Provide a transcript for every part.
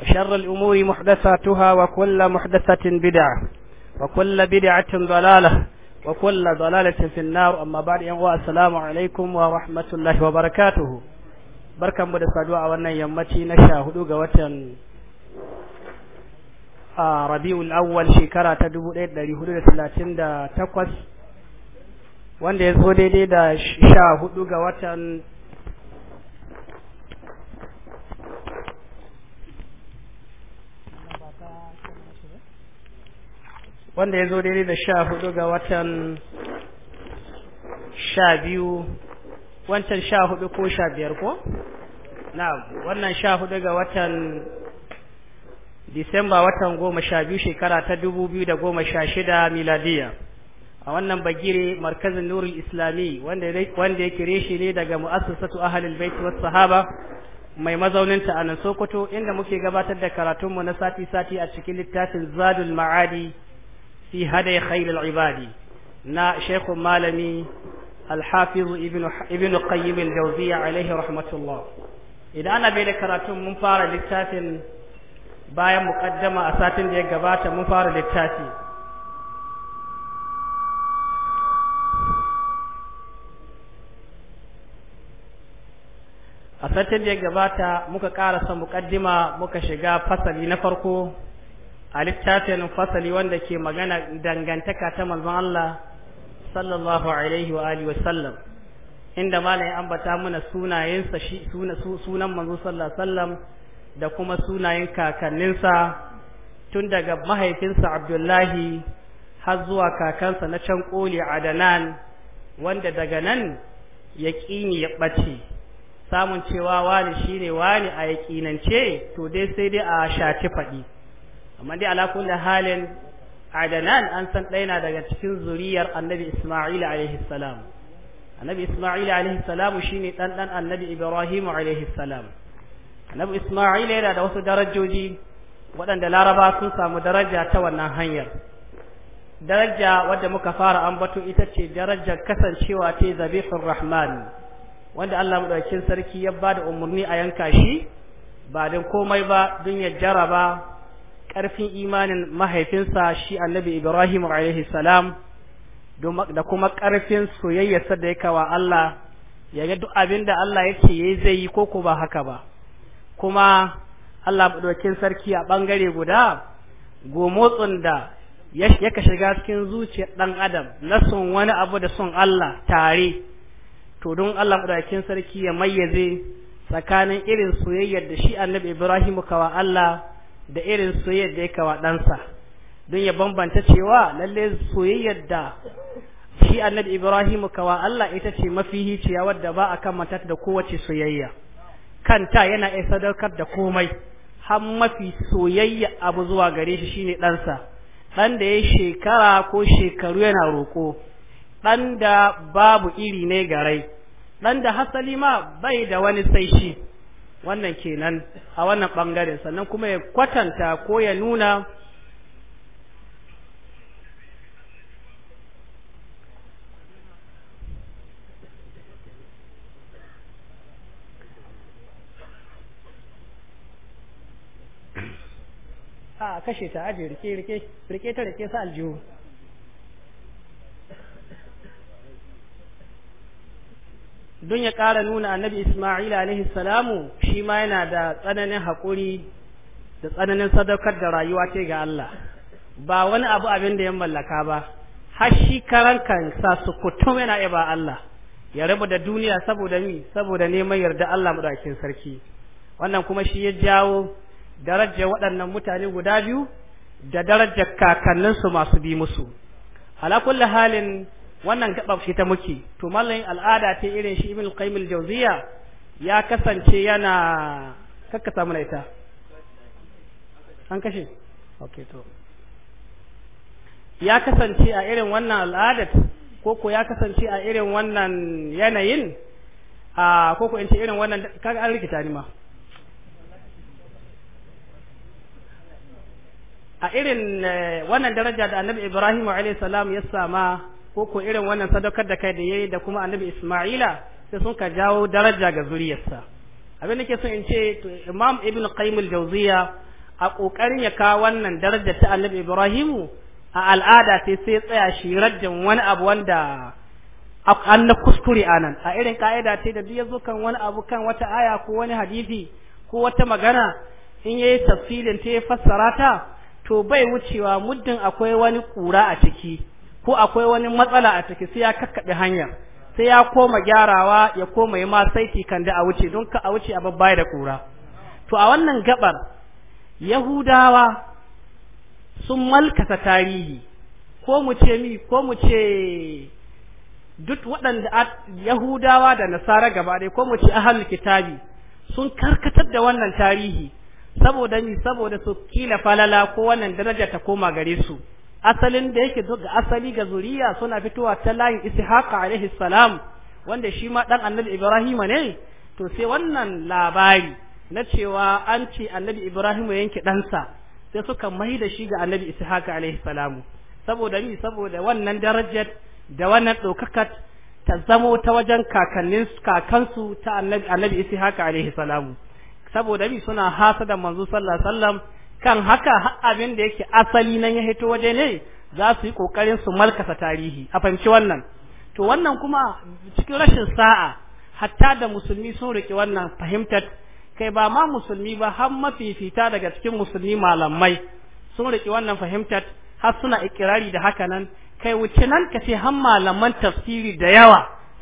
وشر الأمور محدثاتها وكل محدثة بدعة وكل بدعة ضلالة وكل ضلالة في النار أما بعد يقول السلام عليكم ورحمة الله وبركاته بركة مدسة دعاء وانا يمتي نشاهد قوة ربيع الأول شكرا تدبو ليد لهدود ثلاثين دا تقوس wanda ya zo daidai da sha wanda ya zo daidai da sha hudu ga watan sha biyu wancan sha hudu ko sha biyar ko? na wannan sha hudu ga watan disamba watan goma sha biyu shekara ta dubu biyu da goma sha shida miladiya a wannan bagire markazin nurul islami wanda ya kire shi ne daga mu'assasatu ahlul bait was sahaba mai mazauninta a nan sokoto inda muke gabatar da karatunmu na sati-sati a cikin littafin zadul ma'adi fi hadai khairul ibadi na shekhu malami alhafiz ibn qayyim al-jawziyya alaihi rahmatullah idan ana bai da karatun mun fara littafin bayan muqaddama a satin da ya gabata mun fara littafi a satin da ya gabata muka karasa muqaddima muka shiga fasali na farko a littafin fasali wanda ke magana dangantaka ta manzon Allah sallallahu alaihi wa wa sallam inda malam ya ambata mana sunayensa shi sunan manzon sallallahu alaihi da kuma sunayen kakanninsa tun daga mahaifinsa Abdullahi har zuwa kakansa na can koli Adanan wanda daga nan yaƙini ya ɓace samun cewa wani shine wani a yaƙinance to dai sai dai a shati faɗi amma dai ala kulli halin adanan an san ɗaya na daga cikin zuriyar annabi isma'il alaihi salam annabi isma'il alaihi salam shine dan dan annabi ibrahim alaihi salam annabi isma'ila yana da wasu darajoji waɗanda laraba sun samu daraja ta wannan hanyar daraja wadda muka fara ambato ita ce darajar kasancewa ta zabihur rahman wanda Allah madaukakin sarki ya bada umarni a yanka shi ba don komai ba don ya jaraba ƙarfin imanin mahaifinsa shi annabi Ibrahim alaihi salam da kuma ƙarfin soyayyarsa da ya kawa Allah ya ga duk abin da Allah ya ce yayi zai yi ko ko ba haka ba kuma Allah madaukakin sarki a bangare guda gomotsin da ya ka shiga cikin zuciyar dan adam na son wani abu da son Allah tare to don Allah madaukakin sarki ya mayyaze tsakanin irin soyayyar da shi annabi Ibrahim kawa Allah da irin soyayyar da ya wa ɗansa don ya bambanta cewa lalle soyayyar da shi annabi Ibrahim kawa Allah ita ce mafihiciya wadda ba a kan mata da kowace soyayya kanta yana iya sadaukar da komai har mafi soyayya abu zuwa gare shi shine ɗansa ɗan da ya shekara ko shekaru yana roƙo ɗan da babu iri ne garai ɗan da hasali ma bai da wani sai shi wannan kenan a wannan bangaren sannan kuma ya kwatanta ko ya nuna ah, a kashe ta ajiye rike rike rike ta rike sa aljihu don ya ƙara nuna annabi Ismail alaihi salamu shi ma yana da tsananin haƙuri da tsananin sadaukar da rayuwa ce ga Allah ba wani abu abin da ya mallaka ba har shi karan sa su kutum yana ba Allah ya rabu da duniya saboda ni saboda neman yarda Allah madaukakin sarki wannan kuma shi ya jawo darajar waɗannan mutane guda biyu da darajar kakanninsu masu bi musu ala kulli halin wannan gaba shi ta muke to mallan al'ada ta irin shi ibn qayyim al-jawziya ya kasance yana kakka mana ita an kashe okay to ya kasance a irin wannan al'ada ko ko ya kasance a irin wannan yanayin a ko ko in ce irin wannan kaga an rikita ni ma a irin eh, wannan daraja da annabi ibrahim alayhi salam ya sama ko ko irin wannan sadaukar da kai da yayi da kuma annabi Isma'ila sai sun ka jawo daraja ga zuriyarsa abin da ke so in ce Imam Ibn Qayyim al-Jawziya a kokarin ya kawo wannan daraja ta annabi Ibrahimu a al'ada sai sai tsaya shi raddin wani abu wanda an na kuskure anan a irin ka'ida ce da duk yazo kan wani abu kan wata aya ko wani hadisi ko wata magana in yayi tafsilin ta fassara ta to bai wucewa muddin akwai wani kura a ciki ko akwai wani matsala a ciki sai ya kakkaɓe hanyar sai ya koma gyarawa ya koma yi ma saiti kan da a wuce don ka a wuce a babba da kura to a wannan gabar yahudawa sun malkata tarihi ko mu ce mi ko mu ce duk waɗanda yahudawa da nasara gaba ɗaya ko mu ce ahlul kitabi sun karkatar da wannan tarihi saboda ni saboda su kila falala ko wannan daraja ta koma gare su asalin da yake ga asali ga zuriya suna fitowa ta layin ishaqa alaihi salam wanda shi ma dan annabi ibrahima ne to sai wannan labari na cewa an ce annabi ibrahima yanke ɗansa sai suka mai da shi ga annabi ishaqa alaihi salam saboda ni saboda wannan darajar da wannan ɗaukakar ta zamo ta wajen kakannin kakansu ta annabi annabi ishaqa alaihi salam saboda ni suna hasa da manzo sallallahu alaihi wasallam kan haka abin da yake asali nan ya hito waje ne za su yi kokarin su malkasa tarihi a fahimci wannan to wannan kuma cikin rashin sa'a hatta da musulmi sun riƙe wannan fahimtar kai ba ma musulmi ba har mafifita daga cikin musulmi malamai sun riƙe wannan fahimtar har suna ikirari da haka nan kai wuce nan ka ce har malaman tafsiri da yawa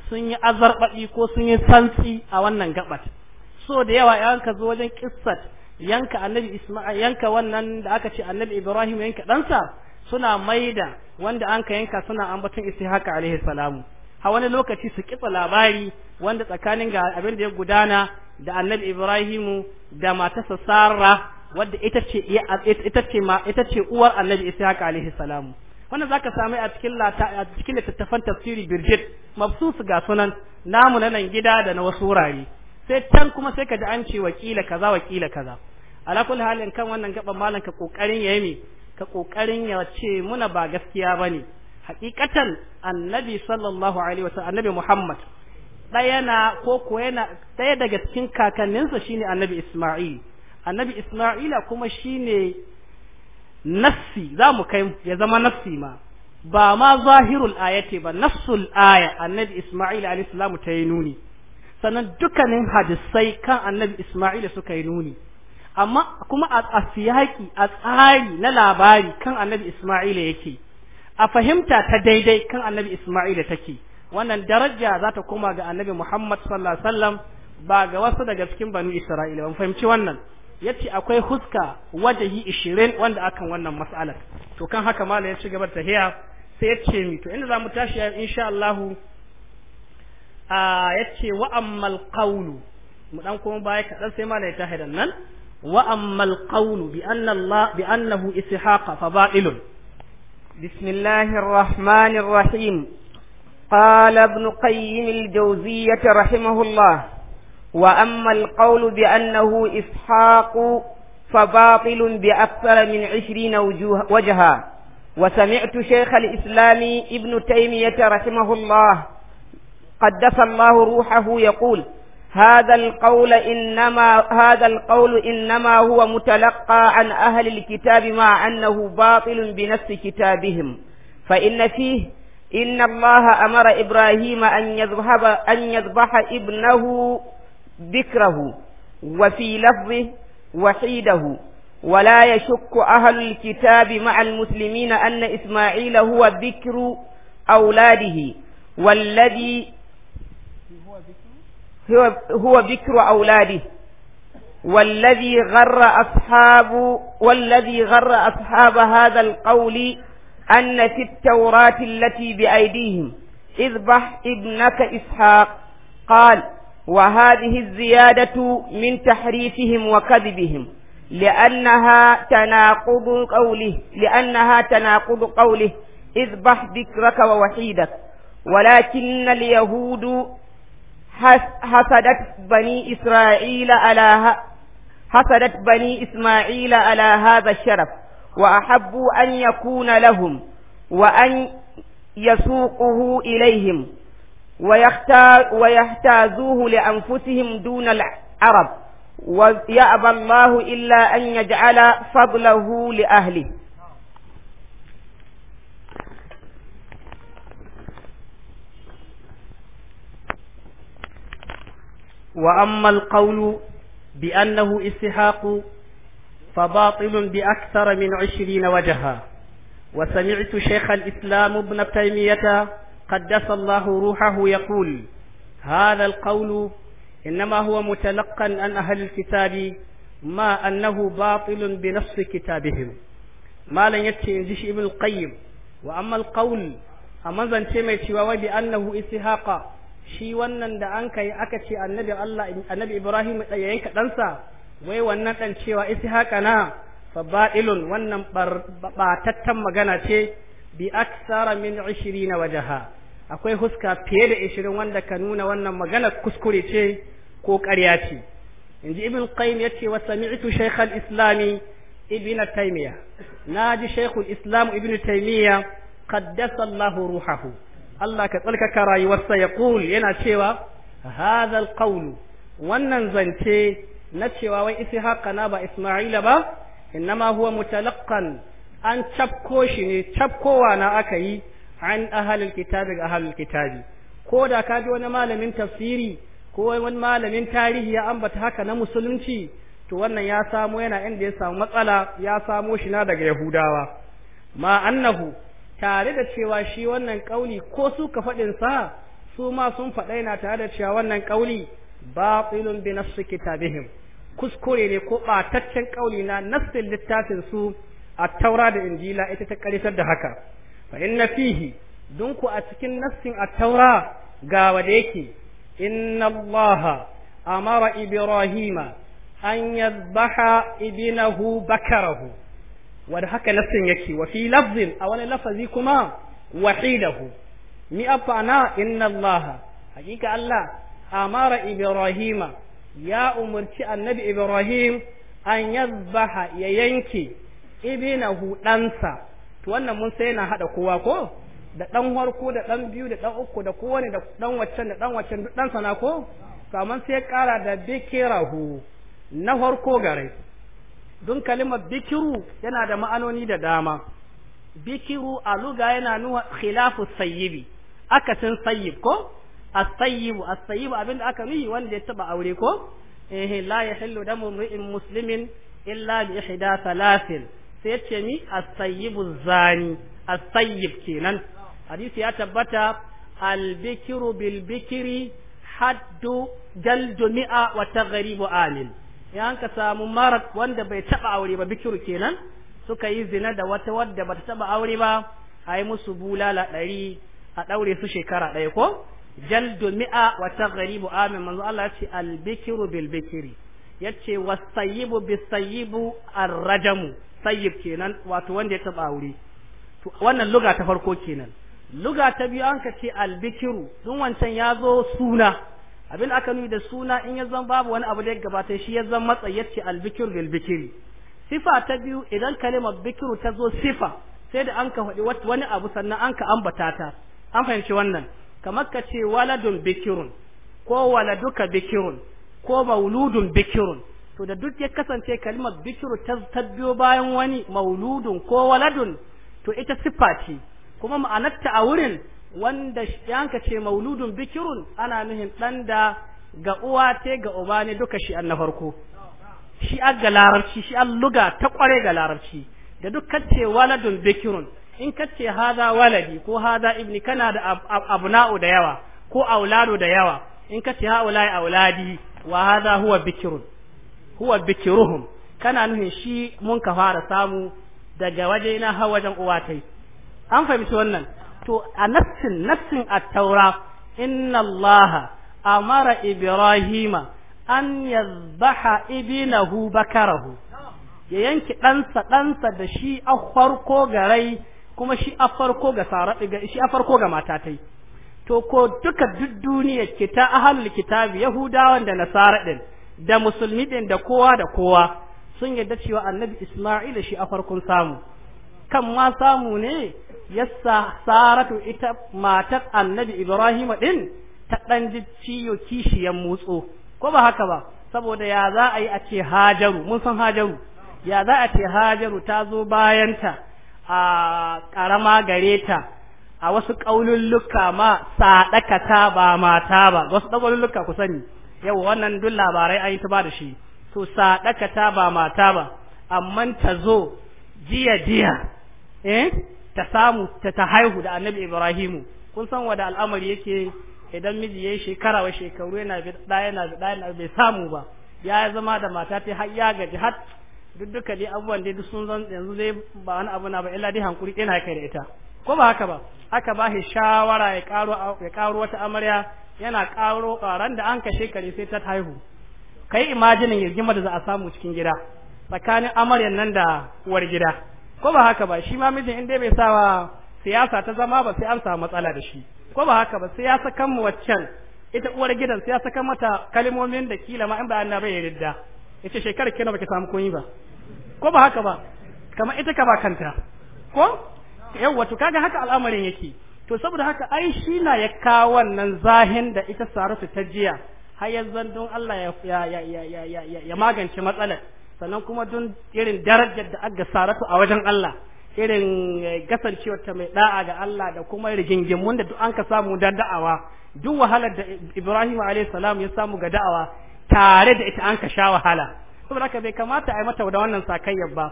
sun yi azarbaɗi ko sun yi santsi a wannan gabat so da yawa yawan ka zo wajen kissat yanka annabi isma'il yanka wannan da aka ce annabi ibrahim yanka ɗansa suna maida wanda an ka yanka suna ambaton ishaqa alaihi salamu a wani lokaci su kitsa labari wanda tsakanin ga abin da ya gudana da annabi Ibrahim da matarsa sarra wadda ita ce ita ce ma ita ce uwar annabi ishaq alaihi salam wannan zaka samu a cikin lata a cikin littattafan tafsiri birjit mabsus ga sunan namu na nan gida da na wasu wurare sai can kuma sai ka ji an ce wakila kaza wakila kaza ala halin kan wannan gaban malam ka kokarin ya yi ka kokarin ya ce muna ba gaskiya bane hakikatan annabi sallallahu alaihi wasallam annabi muhammad daya na ko ko yana daya daga cikin kakanninsa shine annabi isma'il annabi isma'ila kuma shine nafsi za mu kai ya zama nafsi ma ba ma zahirul ayati ba nafsul aya annabi isma'il alaihi ta yi nuni sannan dukkanin hadisai kan annabi isma'ila suka yi nuni amma kuma a siyaki a tsari na labari kan annabi Isma'ila yake a fahimta ta daidai kan annabi Isma'ila take wannan daraja za ta koma ga annabi Muhammad sallallahu alaihi wasallam ba ga wasu daga cikin banu Isra'ila ban fahimci wannan yace akwai huska wajahi 20 wanda akan wannan mas'alar to kan haka mala ya ci gaba da tahiya sai yace mi to inda zamu tashi insha Allah a yace wa ammal qawlu mu dan kuma baya kadan sai mala ya tahidan nan وأما القول بأن الله بأنه إسحاق فباطل بسم الله الرحمن الرحيم قال ابن قيم الجوزية رحمه الله وأما القول بأنه إسحاق فباطل بأكثر من عشرين وجها وسمعت شيخ الإسلام ابن تيمية رحمه الله قدس الله روحه يقول هذا القول إنما هذا القول إنما هو متلقى عن أهل الكتاب مع أنه باطل بنفس كتابهم فإن فيه إن الله أمر إبراهيم أن يذهب أن يذبح ابنه ذكره وفي لفظه وحيده ولا يشك أهل الكتاب مع المسلمين أن إسماعيل هو ذكر أولاده والذي هو, هو بكر أولاده والذي غر أصحاب والذي غر أصحاب هذا القول أن في التوراة التي بأيديهم اذبح ابنك إسحاق قال وهذه الزيادة من تحريفهم وكذبهم لأنها تناقض قوله لأنها تناقض قوله اذبح ذكرك ووحيدك ولكن اليهود حسدت بني إسرائيل على حسدت بني إسماعيل على هذا الشرف وأحبوا أن يكون لهم وأن يسوقه إليهم ويحتازوه لأنفسهم دون العرب ويأبى الله إلا أن يجعل فضله لأهله وأما القول بأنه استحاق فباطل بأكثر من عشرين وجها وسمعت شيخ الإسلام ابن تيمية قدس الله روحه يقول هذا القول إنما هو متلقا عن أهل الكتاب ما أنه باطل بنص كتابهم ما لن يتشي إنجيش ابن القيم وأما القول أما ذا ميتشي ووي بأنه استحاق shi wannan da an kai aka ce annabi Allah annabi Ibrahim ya yanka ɗansa wai wannan ɗan cewa haka na fa wannan batattan magana ce bi aksara min na wajaha akwai huska fiye da ishirin wanda ka nuna wannan magana kuskure ce ko ƙarya ce inji ibn qayyim ce wa sami'tu shaykhal islami ibn taymiya naji shaykhul islam ibn taymiya qaddasa Allahu ruhahu Allah ka tsarkaka rayuwarsa ya ƙul yana cewa hazal ƙaulu wannan zance na cewa wai isi haka na ba Ismaila ba innama huwa mutalakkan an cafko shi ne cafkowa na aka yi an ahalul kitabi ga ahalul kitabi ko da ka ji wani malamin tafsiri ko wani malamin tarihi ya ambata haka na musulunci to wannan ya samo yana inda ya samu matsala ya samo shi na daga yahudawa ma annahu tare da cewa shi wannan ƙauli ko su ka faɗin sa su ma sun faɗa yana tare da cewa wannan ƙauli batilun bi nafsi kitabihim kuskure ne ko Ɓataccen ƙauli na nafsin littafin su a taura da injila ita ta karisar da haka fa inna fihi dun ku a cikin nafsin a taura ga wada yake inna allah amara ibrahima an yadbaha ibnahu bakarahu wanda haka lafsin yake wa fi lafzin a wani lafazi kuma wahidahu ni afana inna Allah hakika Allah amara Ibrahima ya umarci annabi Ibrahim an yazbaha ya yanke ibinahu ɗansa to wannan mun sai yana hada kowa ko da dan harko da dan biyu da dan uku da kowane da dan waccan da dan waccan duk dan sana ko to sai ya kara da bikirahu na harko gare don kalimar bikiru yana da ma'anoni da dama bikiru a luga yana nuna khilafu sayyibi akasin sayyib ko as-sayyibu as-sayyibu abinda aka nuhi wanda ya taba aure ko eh la yahillu damu ri'in muslimin illa bi ihda thalathin sai yace mi as-sayyibu zani as-sayyib kenan hadisi ya tabbata al-bikru bil bikri haddu jaldu mi'a wa taghribu in an ka samu mara wanda bai taba aure ba bikiru kenan suka yi zina da wata wadda bata taba aure ba a yi musu bulala ɗari a ɗaure su shekara ɗaya ko jaldu mi'a wa taghribu amin manzo Allah ya ce al bikiru bil bikiri yace wasayibu bisayibu arrajamu sayyib kenan wato wanda ya taba aure to wannan luga ta farko kenan luga ta biyu an ka ce albikiru bikiru wancan ya zo suna abin aka nuni da suna in ya zan babu wani abu da ya gabata shi ya zan matsayyaci albikiru bil bikiri sifa ta biyu idan kalimar bikiru ta zo sifa sai da an ka faɗi wani abu sannan an ka ambata ta an fahimci wannan kamar ka ce waladun bikirun ko waladuka bikirun ko mauludun bikirun to da duk ya kasance kalimar bikiru ta biyo bayan wani mauludun ko waladun to ita sifaci ce kuma ma'anarta a wurin wanda yanka ce mauludun bikirun ana nuhin ɗan da ga uwa te ga uba ne duka shi an na farko shi an ga larabci shi an luga ta kware ga larabci da duk kace waladun bikirun in kace haza waladi ko hada ibni kana da abna'u da yawa ko auladu da yawa in kace ulai auladi wa hada huwa bikirun huwa bikiruhum kana nuhin shi mun ka fara samu daga waje na har wajen uwa tai an fahimci wannan to a nassin nassin at-taura inna allaha amara ibrahima an yazbaha ibnahu bakarahu ya yanki ɗansa ɗansa da shi a farko ga rai kuma shi a farko ga shi a farko ga matatai to ko duka duk duniya kita ahalul kitabi yahudawan da nasara din da musulmi din da kowa da kowa sun yarda cewa annabi isma'ila shi a farkon samu kan ma samu ne yasa saratu ita matar annabi ibrahim din ta dan ji ciyo kishiyan motso ko ba haka ba saboda ya za a yi a ce hajaru mun san hajaru ya za a ce hajaru ta zo bayanta a ƙarama gare ta a wasu ƙaululluka ma saɗakata ba mata ba wasu ƙaunulluka ku sani yau wannan duk labarai an yi ta ba da shi to saɗakata ba mata ba amma ta zo jiya jiya eh ta samu ta ta haihu da annabi ibrahimu kun san wada al'amari yake idan miji yayi shekara wa shekaru yana bi da yana bi da bai samu ba ya zama da mata ta har ya gaji har duk duka dai abubuwan dai sun zan yanzu dai ba wani abu na ba illa dai hankuri ina kai da ita ko ba haka ba aka ba shi shawara ya karo ya karo wata amarya yana karo ran da an kashe kare sai ta haihu kai imajinin ya da za a samu cikin gida tsakanin amaryan nan da uwar gida ko ba haka ba shi ma mijin in dai bai wa siyasa ta zama ba sai an samu matsala da shi ko ba haka ba sai ya saka mu waccan ita uwar gidan sai ya saka mata kalmomin da kila ma in ba annabi ya ridda yace shekarar kina baki samu koyi ba ko ba haka ba kamar ita ka ba kanta ko yawa to kaga haka al'amarin yake to saboda haka ai shi na ya kawo wannan zahin da ita Saratu ta jiya har yanzu don Allah ya ya ya ya ya magance matsalar sannan kuma don irin darajar da aka saratu a wajen Allah irin eh, kasancewar ta mai da'a ga Allah da kuma rigingimun da duk an ka samu da da'awa duk wahalar da Ibrahim alayhi salam ya samu ga da'awa tare da ita an ka sha wahala saboda haka bai kamata a yi mata da wannan sakayyar ba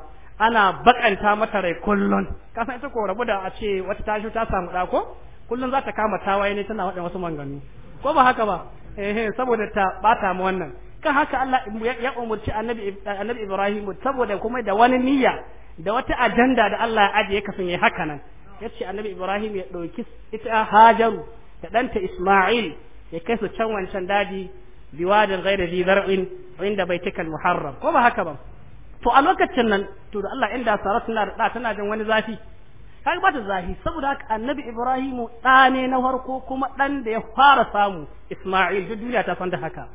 ana bakanta mata rai kullun kasan ita ko rabu da a ce wata ta ta samu da ko kullun za ta kama tawaye ne tana waɗanda wasu manganu ko ba haka ba eh, eh saboda ta bata mu wannan kan haka Allah ya umurci annabi annabi Ibrahim saboda kuma da wani niyya da wata ajanda da Allah ya ajiye kafin ya haka nan yace annabi Ibrahim ya dauki ita Hajaru da danta Isma'il ya kai su can wancan daji biwadin ghairi zi zar'in inda baitikal muharram ko ba haka ba to a lokacin nan to da Allah inda Saratu tana da tana jin wani zafi kaga ba ta zafi saboda haka annabi Ibrahimu ɗa ne na farko kuma ɗan da ya fara samu Isma'il duk duniya ta san da haka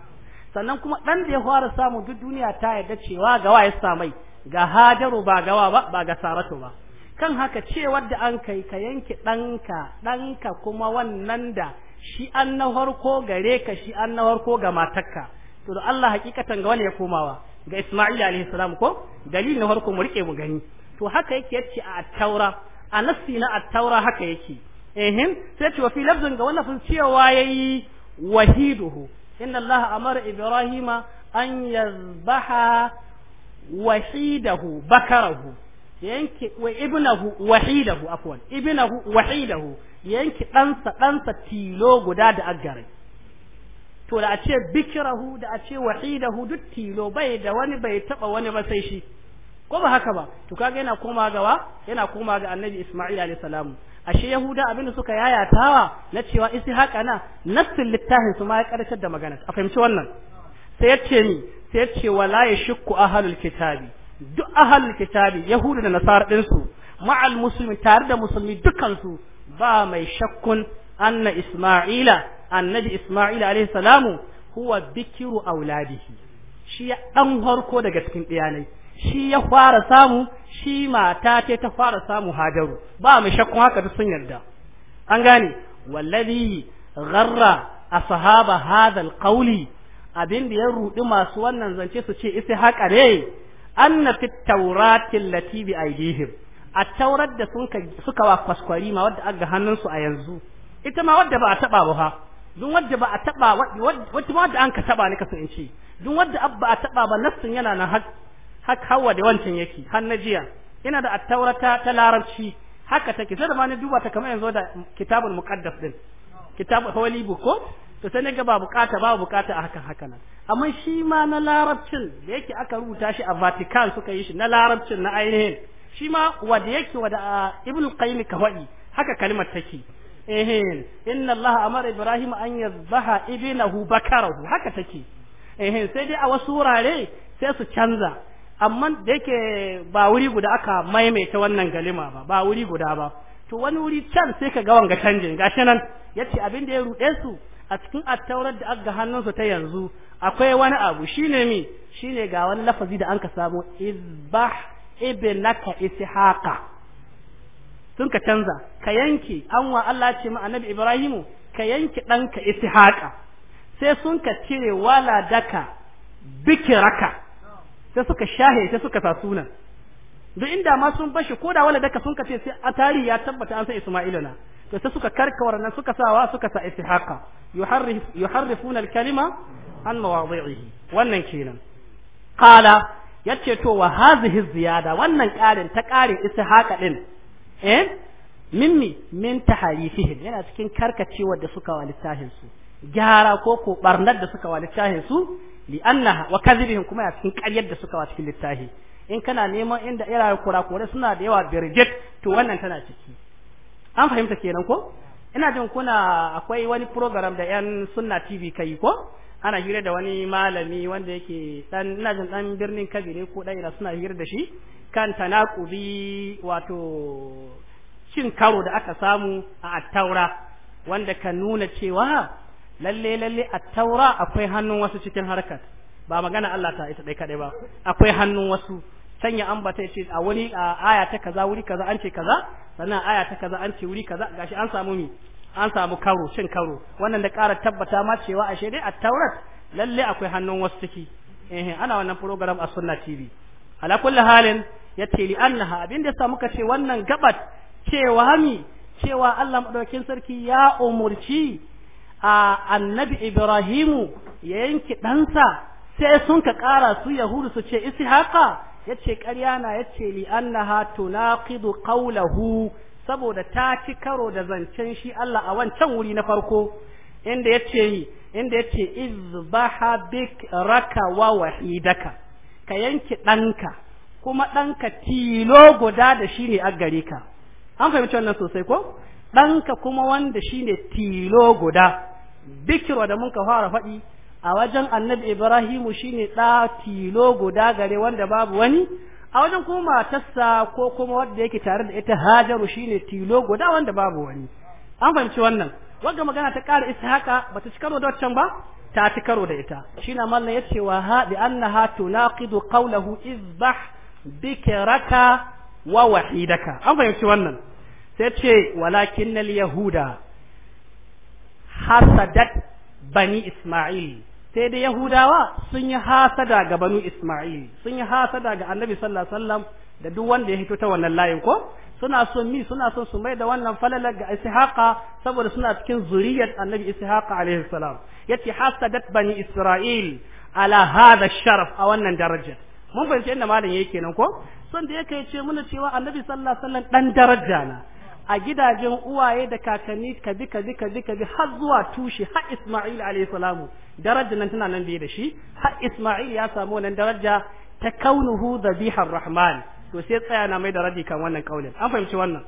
sannan kuma ɗan da ya fara samu duk duniya ta yarda cewa gawa wa ya samai ga hajaru ba gawa ba ba ga saratu ba kan haka cewar da an kai ka yanke ɗanka ɗanka kuma wannan da shi an na farko gare ka shi an na farko ga matakka to da Allah hakikatan ga wani ya komawa ga Isma'il alayhi salam ko dalilin na farko mu rike mu gani to haka yake yace a taura a nasi na Attaura taura haka yake ehin sai ce wa fi lafzin ga wannan cewa yayi wahiduhu inna Allah amara Ibrahima an yazbaha wahidahu bakarahu yanki wa ibnahu wahidahu afwan ibnahu wahidahu yanki ɗansa ɗansa tilo guda da aggare to da a ce bikirahu da a ce wahidahu duk tilo bai da wani bai taɓa wani ba sai shi ko ba haka ba to kaga yana koma gawa yana koma ga annabi Isma'il alayhi salamu ashe yahuda abin da suka yayatawa na cewa ishaqa na nassin littafin su ma ya karshe da magana a fahimci wannan sai yace ni sai yace wala yashukku ahlul kitabi duk ahlul kitabi yahuda da nasara din su ma'al muslimi tare da musulmi dukan su ba mai shakkun anna isma'ila annabi isma'ila alayhi salamu huwa bikiru auladihi shi ya dan harko daga cikin diyanai shi ya fara samu shi mata ce ta fara samu hajaru ba mai shakkun haka duk sun yarda an gane wallazi gharra ashaba hadha alqawli abin da ya rudi masu wannan zance su ce isi haka ne anna fit tawrati allati bi aydihim at-taurat da sun suka wa kwaskwari ma wadda aga su a yanzu ita ma wadda ba a taba ba dun wadda ba a taba wadda wadda an ka taba ne ka so in ce dun wadda abba a taba ba nassin yana nan har haka hawa da wancan yake har na jiya ina da attaurata ta larabci haka take sai da ma ni duba ta kamar yanzu da kitabul muqaddas din kitab holy book ko to sai naga ba bukata ba bukata a hakan haka nan amma shi ma na larabcin da yake aka rubuta shi a Vatican suka yi shi na larabcin na ainihin shi ma wanda yake wanda Ibn Qayyim Kahwa'i haka kalmar take eh inna Allah amara Ibrahim an baha ibnahu bakarahu haka take eh sai dai a wasu wurare sai su canza amma da yake ba wuri guda aka maimaita wannan galima ba ba wuri guda ba to wani wuri can sai ka ga wanga canjin gashi nan yace abin da ya ruɗe su a cikin attaurar da aka hannunsu ta yanzu akwai wani abu shine mi shine ga wani lafazi da anka samu izbah ibnaka ishaqa sun ka canza ka yanki anwa Allah ce ma annabi Ibrahimu ka yanki ɗanka ishaqa sai sun ka cire wala daka bikiraka sai suka shahe sai suka sa sunan duk inda ma sun bashi ko da wala daka sun kace sai a tarihi ya tabbata an san Isma'ila na to sai suka karkawar nan suka sawa suka sa istihaqa yuharrif yuharrifuna al-kalima an mawadhi'ihi wannan kenan qala yace to wa hadhihi ziyada wannan karin ta karin istihaqa din eh minni min taharifihim yana cikin karkacewar da suka wa littafin su gyara ko ko barnar da suka wa littafin su li'annaha wa kadhibihim kuma ya cikin ƙaryar da suka wa cikin littafi in kana neman inda irayen kurakure suna da yawa birjit to wannan tana ciki an fahimta kenan ko ina jin kuna akwai wani program da yan sunna tv kai ko ana hira da wani malami wanda yake dan ina jin dan birnin kabi ne ko dan ina suna hira da shi kan tanaqubi wato cin karo da aka samu a attaura wanda kan nuna cewa lalle lalle a taura akwai hannun wasu cikin harkar ba magana Allah ta ita dai kadai ba akwai hannun wasu sanya ambata ce a wani a aya ta kaza wuri kaza an ce kaza sannan aya ta kaza an ce wuri kaza gashi an samu mi an samu karo cin karo wannan da ƙara tabbata ma cewa ashe dai a taurat lalle akwai hannun wasu ciki eh ana wannan program a sunna tv ala kulli halin yace li annaha abin da sa muka ce wannan gabat cewa mi cewa Allah madaukakin sarki ya umurci a annabi ibrahimu ya yanki ɗansa sai sun ka ƙara su yahudu su ce isi ya yace ƙarya na yace li annaha tunaqidu qawlahu saboda ta ci karo da zancen shi Allah a wancan wuri na farko inda yace inda ce izbaha bik raka wa wahidaka ka yanki ɗanka kuma ɗanka tilo guda da shi ne a gare ka an fahimci wannan sosai ko ɗanka kuma wanda shi ne tilo guda bikiro da mun ka fara faɗi a wajen annabi ibrahimu shine ɗa tilo guda gare wanda babu wani a wajen kuma matarsa ko kuma wanda yake tare da ita hajaru shine tilo guda wanda babu wani an fahimci wannan wanda magana ta ƙara ishaqa bata ci karo da waccan ba ta ci karo da ita shine malla yace wa ha bi annaha tunaqidu qawluhu izbah bikraka wa wahidaka an fahimci wannan sai ce walakinnal yahuda hasadat bani Isma'il sai da Yahudawa sun yi hasada ga banu Isma'il sun yi hasada ga Annabi sallallahu alaihi wasallam da duk wanda ya hito ta wannan layin ko suna son mi suna son su mai da wannan falalar ga Ishaqa saboda suna cikin zuriyar Annabi Ishaqa alaihi salam yace hasadat bani Isra'il ala hada sharaf a wannan darajar mun fahimci inda malam yake kenan ko son da yake ce muna cewa Annabi sallallahu alaihi wasallam dan daraja na a gidajen uwaye da kakanni ka bi ka bi ka bi ka bi har zuwa tushe har Isma'il alayhi salamu darajar nan tana nan biye da shi har Isma'il ya samu wannan daraja ta kaunuhu dhabihar rahman to sai tsaya na mai da radi kan wannan kaulin an fahimci wannan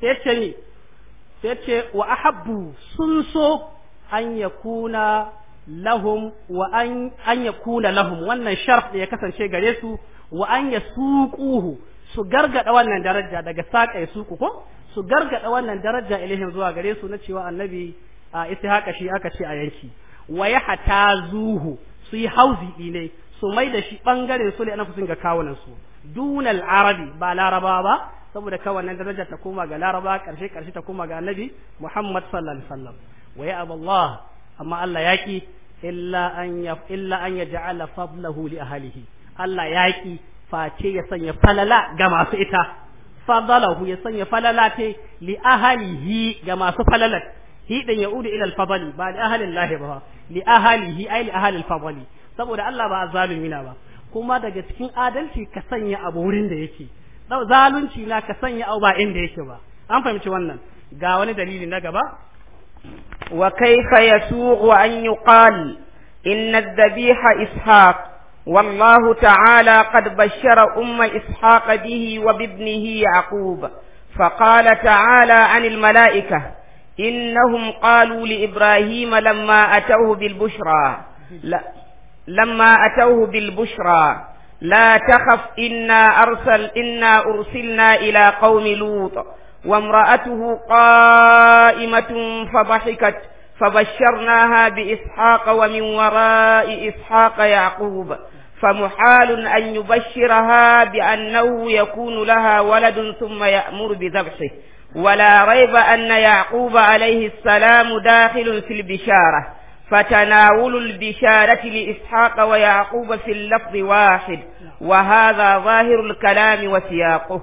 sai ce ni sai ce wa ahabbu sun so an yakuna lahum wa an an yakuna lahum wannan sharh da ya kasance gare su wa an yasuquhu su gargada wannan daraja daga saƙa su ku ko su gargada wannan daraja ilahin zuwa gare su na cewa annabi a istihaka shi aka ce a yanki waya ya hata zuhu su yi hauzi ne su mai da shi bangare su ne na ga kawunan su dunal arabi ba laraba ba saboda kawai wannan daraja ta koma ga laraba karshe karshe ta koma ga annabi muhammad sallallahu alaihi wasallam wa aballah amma Allah yaki illa an ya illa an yaj'ala fadlahu li ahlihi Allah yaki face ya sanya falala ga masu ita fadalahu ya sanya falala te li ahalihi ga masu falalat hi dan yaudu ila al ba li ahli Allah ba li ahalihi ay li ahli al saboda Allah ba zalimi na ba kuma daga cikin adalci ka sanya abu wurin da yake zalunci na ka sanya abu ba inda yake ba an fahimci wannan ga wani dalili na gaba wa kaifa yasuqu an yuqal inna adh-dhabiha ishaq والله تعالى قد بشر أم إسحاق به وبابنه يعقوب فقال تعالى عن الملائكة إنهم قالوا لإبراهيم لما أتوه بالبشرى لا لما أتوه بالبشرى لا تخف إنا أرسل إنا أرسلنا إلى قوم لوط وامرأته قائمة فضحكت فبشرناها بإسحاق ومن وراء إسحاق يعقوب فمحال أن يبشرها بأنه يكون لها ولد ثم يأمر بذبحه ولا ريب أن يعقوب عليه السلام داخل في البشارة فتناول البشارة لإسحاق ويعقوب في اللفظ واحد وهذا ظاهر الكلام وسياقه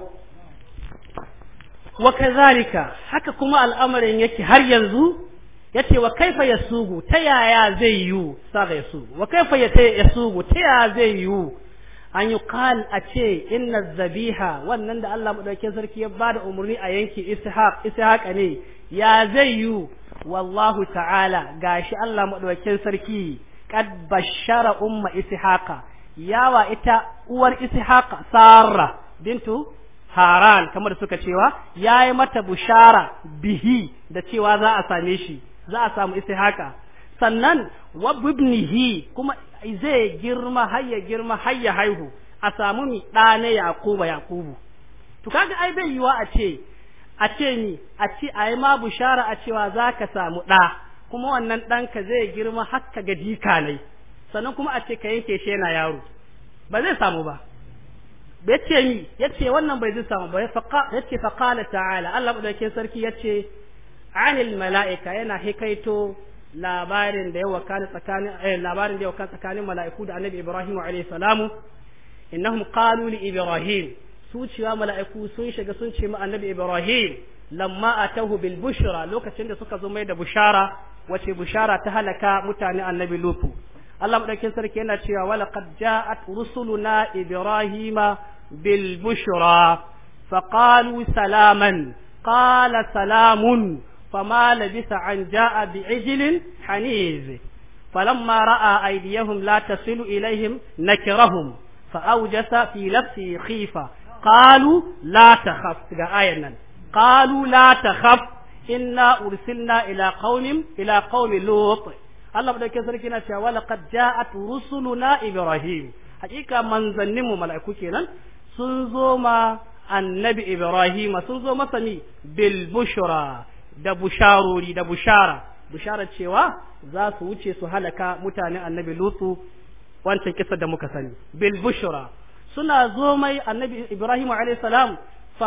وكذلك حكى كما الأمر يكي هر ينزو yace wa kaifa sugu ta yaya zai yu ya sugu wa kaifa sugu ta yaya zai yu an yi a ce inna zabiha wannan da Allah madaukakin sarki ya ba da umarni a yanki ishaq ishaq ne ya zai yu wallahu ta'ala ga shi Allah madaukakin sarki kad bashara umma ishaqa yawa ita uwar ishaqa sarra bintu haran kamar da suka cewa ya yi mata bushara bihi da cewa za a same shi za a samu istihaka sannan wabibnihi kuma zai girma hayya girma hayya haihu a samu mi ɗa na Yakubu. yakubu to kaga ai bai yiwa a ce a ce ni a ce ai ma bushara a cewa za ka samu ɗa kuma wannan ɗanka zai girma har ka dika ne sannan kuma a ce ka yanke shi yana yaro ba zai samu ba ce ni yace wannan bai zai samu ba yace faqala ta'ala Allah ke sarki yace anil mala'ika yana hikaito labarin da ya wakana tsakanin eh, mala'iku da annabi Ibrahim alayhi salamu innahum qalu li Ibrahim su cewa mala'iku sun shiga sun ce ma annabi Ibrahim lamma atahu bil bushra lokacin da suka zo mai da bushara wace bushara ta halaka mutane annabi Lutu Allah madaukin sarki yana cewa wala qad ja'at rusuluna Ibrahima bil bushra faqalu salaman qala salamun فما لبس عن جاء بعجل حنيز فلما رأى أيديهم لا تصل إليهم نكرهم فأوجس في لبسه خيفة قالوا لا تخف آية قالوا لا تخف إنا أرسلنا إلى قوم إلى قوم لوط الله بدأ كثيرا كنا شاء ولقد جاءت رسلنا إبراهيم حقيقة من ظنموا ملعكو كنا سنزوما النبي إبراهيم سنزوما سمي بالبشرى da busharori da bushara bushara cewa za su wuce su halaka mutane annabi lutu wancan kisa da muka sani bil bushra suna zo mai annabi ibrahim alayhi salam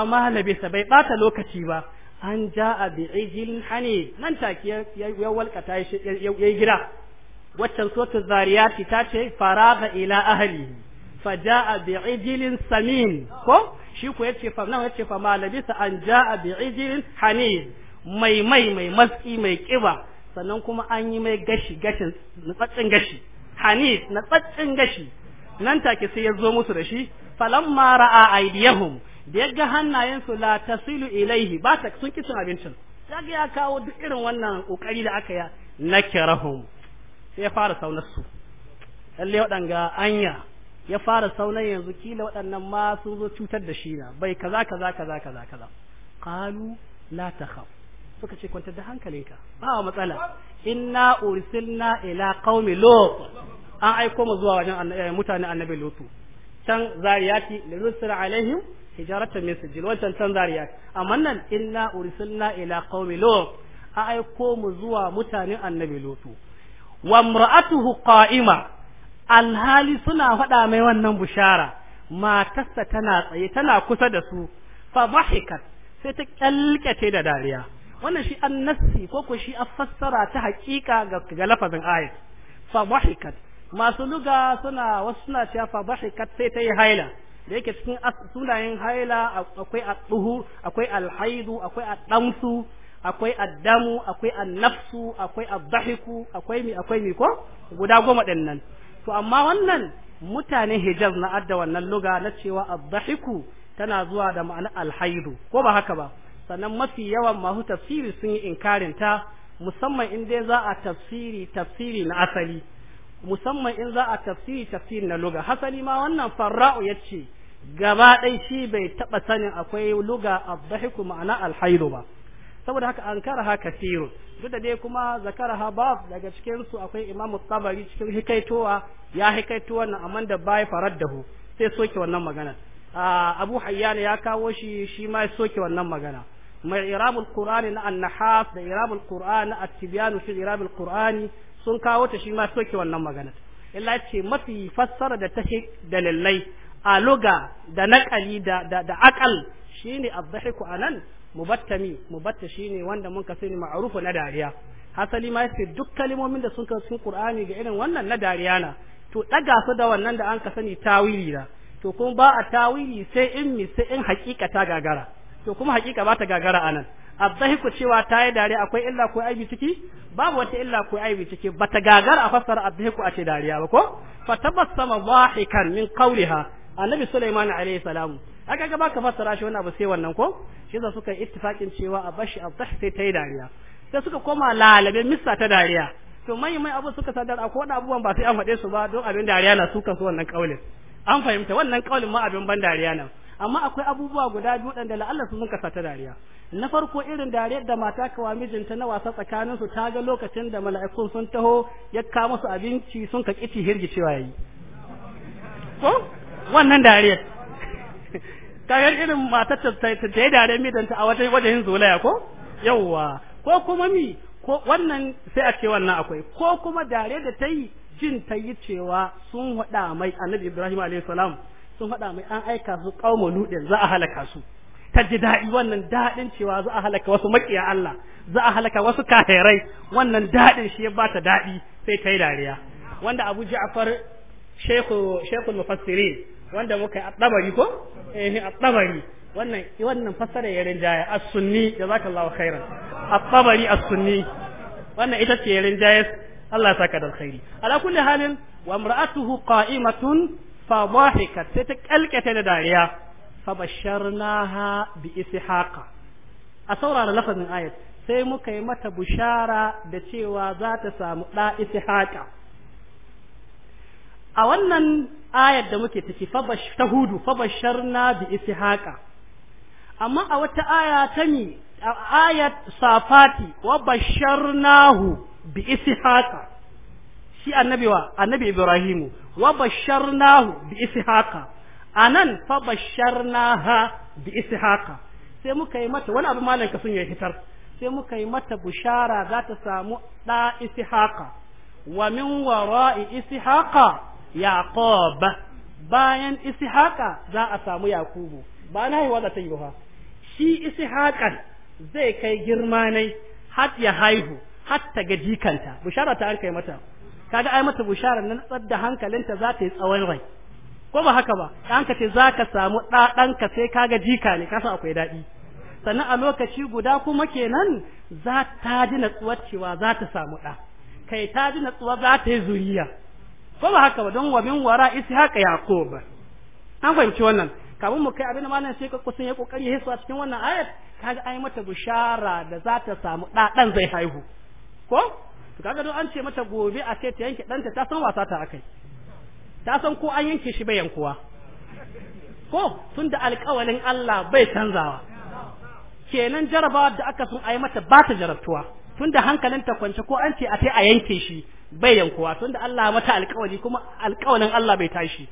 ma labisa bai bata lokaci ba an ja'a bi ijil hani nan take ya walkata ya gida waccan suratul zariyati ta ce faraga ila ahli faja'a bi ijilin samin ko shi ku yace fa nan yace fa ma labisa an ja'a bi ijilin hanin mai mai mai maski mai kiba sannan kuma an yi mai gashi gashin natsatsin gashi na natsatsin gashi nan take sai ya zo musu da shi falamma ra'a aydiyahum da yaga hannayensu la tasilu ilaihi ba ta sun kicin abincin yaga ya kawo duk irin wannan kokari da aka ya nakirahum sai ya fara saunar su lalle waɗanga anya ya fara saunar yanzu kila waɗannan ma sun zo cutar da shi na bai kaza kaza kaza kaza kaza qalu la takhaf suka ce kwantar da hankalinka ba matsala inna ursilna ila qaumi lut an aiko mu zuwa wajen eh, mutane annabi lutu can zariyati lirusul alaihim hijaratan min sijil wancan can zariyati amma nan inna ursilna ila qaumi lut an aiko mu zuwa mutane annabi lutu wa imra'atuhu qa'ima alhali suna faɗa mai wannan bushara matarsa tana tsaye tana kusa da su fa dhahikat sai ta kyalkyace da dariya wannan shi an nassi ko ko shi an fassara ta hakika ga ga lafazin ayat fa dhahikat masu luga suna wasu suna cewa fa dhahikat sai ta yi haila da yake cikin sunayen haila akwai adduhu akwai alhaidu akwai addamsu akwai addamu akwai annafsu akwai addahiku akwai mi akwai mi ko guda goma din nan to amma wannan mutane hijaz na adda wannan luga na cewa addahiku tana zuwa da ma'anar alhaidu ko ba haka ba sannan mafi yawan masu tafsiri sun yi inkarin ta musamman in dai za a tafsiri tafsiri na asali musamman in za a tafsiri tafsiri na luga hasali ma wannan farra'u ya ce gaba ɗai shi bai taɓa sanin akwai luga abdahiku ma'ana alhairu ba saboda haka an kara ha kasiru duk da dai kuma zakara ha daga cikin su akwai imamu tsabari cikin hikaitowa ya hikaito wannan amma da bai farar da sai soke wannan magana ah, abu hayyana ya kawo shi shi ma soke wannan magana mai irabul qur'ani na annahas da irabul qur'ani na at-tibyan fi irabul qur'ani sun kawo ta shi ma soke wannan magana illa ce mafi fassara da tashi dalilai a luga da naqali da da aqal shine adhahiku anan mubattami mubatta shine wanda mun sani ma'rufu na dariya hasali ma yace duk kalmomin da sun kan sun qur'ani ga irin wannan na dariya na to daga su da wannan da an sani tawili da to kuma ba a tawili sai in mi sai in hakika ta gagara to kuma hakika ba ta gagara anan azzahiku cewa ta yi dariya akwai illa ko aibi ciki babu wata illa ko aibi ciki ba ta gagara a fassara azzahiku a ce dariya ba ko fa tabassama dhahikan min qawliha annabi sulaiman alayhi salam aka ga baka fassara shi wannan abu sai wannan ko shi da suka ittifakin cewa a bashi azzah sai ta yi dariya sai suka koma lalabe missa ta dariya to mai mai abu suka sadar akwai wani abubuwan ba sai an faɗe su ba don abin dariya na sukan su wannan kaulin an fahimta wannan kaulin ma abin ban dariya nan amma akwai abubuwa guda biyu da la'allar su sun kasata dariya na farko irin dariyar da mata kawa mijinta na wasa tsakanin su ta ga lokacin da mala'ikun sun taho ya ka musu abinci sun ka kici cewa yayi ko wannan dariyar yar irin matar ta ta yi dariyar mijinta a waje-waje yin zolaya ko yawwa ko kuma mi ko wannan sai a ce wannan akwai ko kuma dariyar da ta yi jin ta yi cewa sun haɗa mai annabi ibrahim alaihi salam sun haɗa mai an aika su ƙauma luɗin za a halaka su ta ji daɗi wannan daɗin cewa za a halaka wasu maƙiya Allah za a halaka wasu kafirai wannan daɗin shi ya bata daɗi sai ta yi dariya wanda Abu Ja'far Sheikhu Sheikhul Mufassirin wanda muka at-Tabari ko eh at-Tabari wannan wannan fassara yaren jaya as-Sunni jazakallahu khairan at-Tabari as-Sunni wannan ita ce yaren jaya Allah saka da alkhairi ala kulli halin wa imra'atuhu qa'imatun fa sai ta kalkata da dariya fa basharnaha bi ishaqa a saurara lafazin ayat sai muka yi mata bushara da cewa za ta samu da ishaqa a wannan ayat da muke ciki fa bash fa basharna bi ishaqa amma a wata aya ta ni ayat safati wa basharnahu bi ishaqa shi annabi wa annabi ibrahimu wa basharnahu bi ishaqa anan fa basharnaha bi ishaqa sai muka yi mata wani abu malam sun ya hitar sai muka yi mata bushara za ta samu da ishaqa wa min wara'i ishaqa yaqub bayan ishaqa za a samu yakubu ba na yi za ta yi ba shi ishaqan zai kai girma ne har ya haihu har ta ga jikanta bushara ta an kai mata kaga ai mata bushara nan tsadda hankalinta za ta yi tsawon rai ko ba haka ba dan ce za ka samu ɗaɗanka ɗanka sai kaga jika ne kasa akwai daɗi sannan a lokaci guda kuma kenan za ta ji natsuwar cewa za ta samu ɗa kai ta ji natsuwa za ta yi zuriya ko ba haka ba don wa min wara isi ko ba. an fahimci wannan kafin mu kai abin da malam sai kusan ya kokari ya hisa cikin wannan ayat kaga ai mata bushara da za ta samu ɗa ɗan zai haihu ko to kaga don an ce mata gobe a ce ta yanke ɗanta ta san wasa ta akai ta san ko an yanke shi bai yankuwa ko tun da alƙawalin Allah bai canzawa kenan jarabawa da aka sun ayi mata ba ta jarabtuwa tun da hankalin ta kwance ko an ce a sai a yanke shi bai yankuwa tun da Allah mata alƙawari kuma alƙawalin Allah bai tashi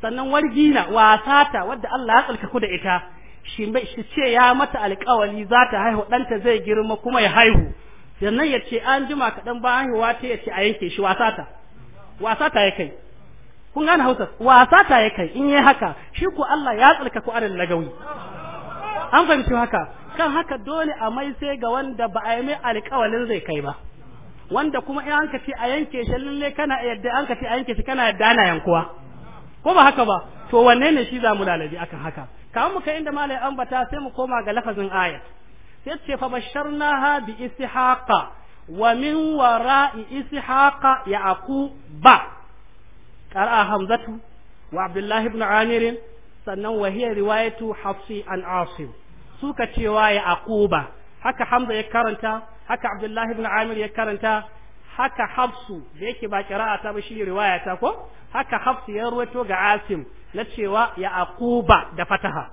sannan wargina wasa ta wadda Allah ya tsalkaku da ita shi ce ya mata alƙawari za ta haihu ɗanta zai girma kuma ya haihu yannan ya ce an jima kaɗan ba an ta ya ce a yanke shi wasa ta wasa ta ya kai kun gane hausa wasa ta ya kai in yi haka shi ko Allah ya tsarka ku arin lagawi an fahimci haka kan haka dole a mai sai ga wanda ba a yi mai alƙawalin zai kai ba wanda kuma in an ce a yanke shi lalle kana yadda an ka ce a yanke shi kana yadda ana yankuwa ko ba haka ba to wanne ne shi za mu lalabi akan haka kamar mu kai inda malai ambata sai mu koma ga lafazin ayat sai ce fa basharnaha bi ishaqa wa min wara'i ishaqa yaquba qara hamzatu wa abdullahi ibn amir sannan wa hiya riwayatu hafsi an asim suka cewa ba haka hamza ya karanta haka abdullahi ibn amir ya karanta haka hafsu da yake ba ta ba shi riwaya ta ko haka hafsu ya ruwato ga asim na cewa yaquba da fataha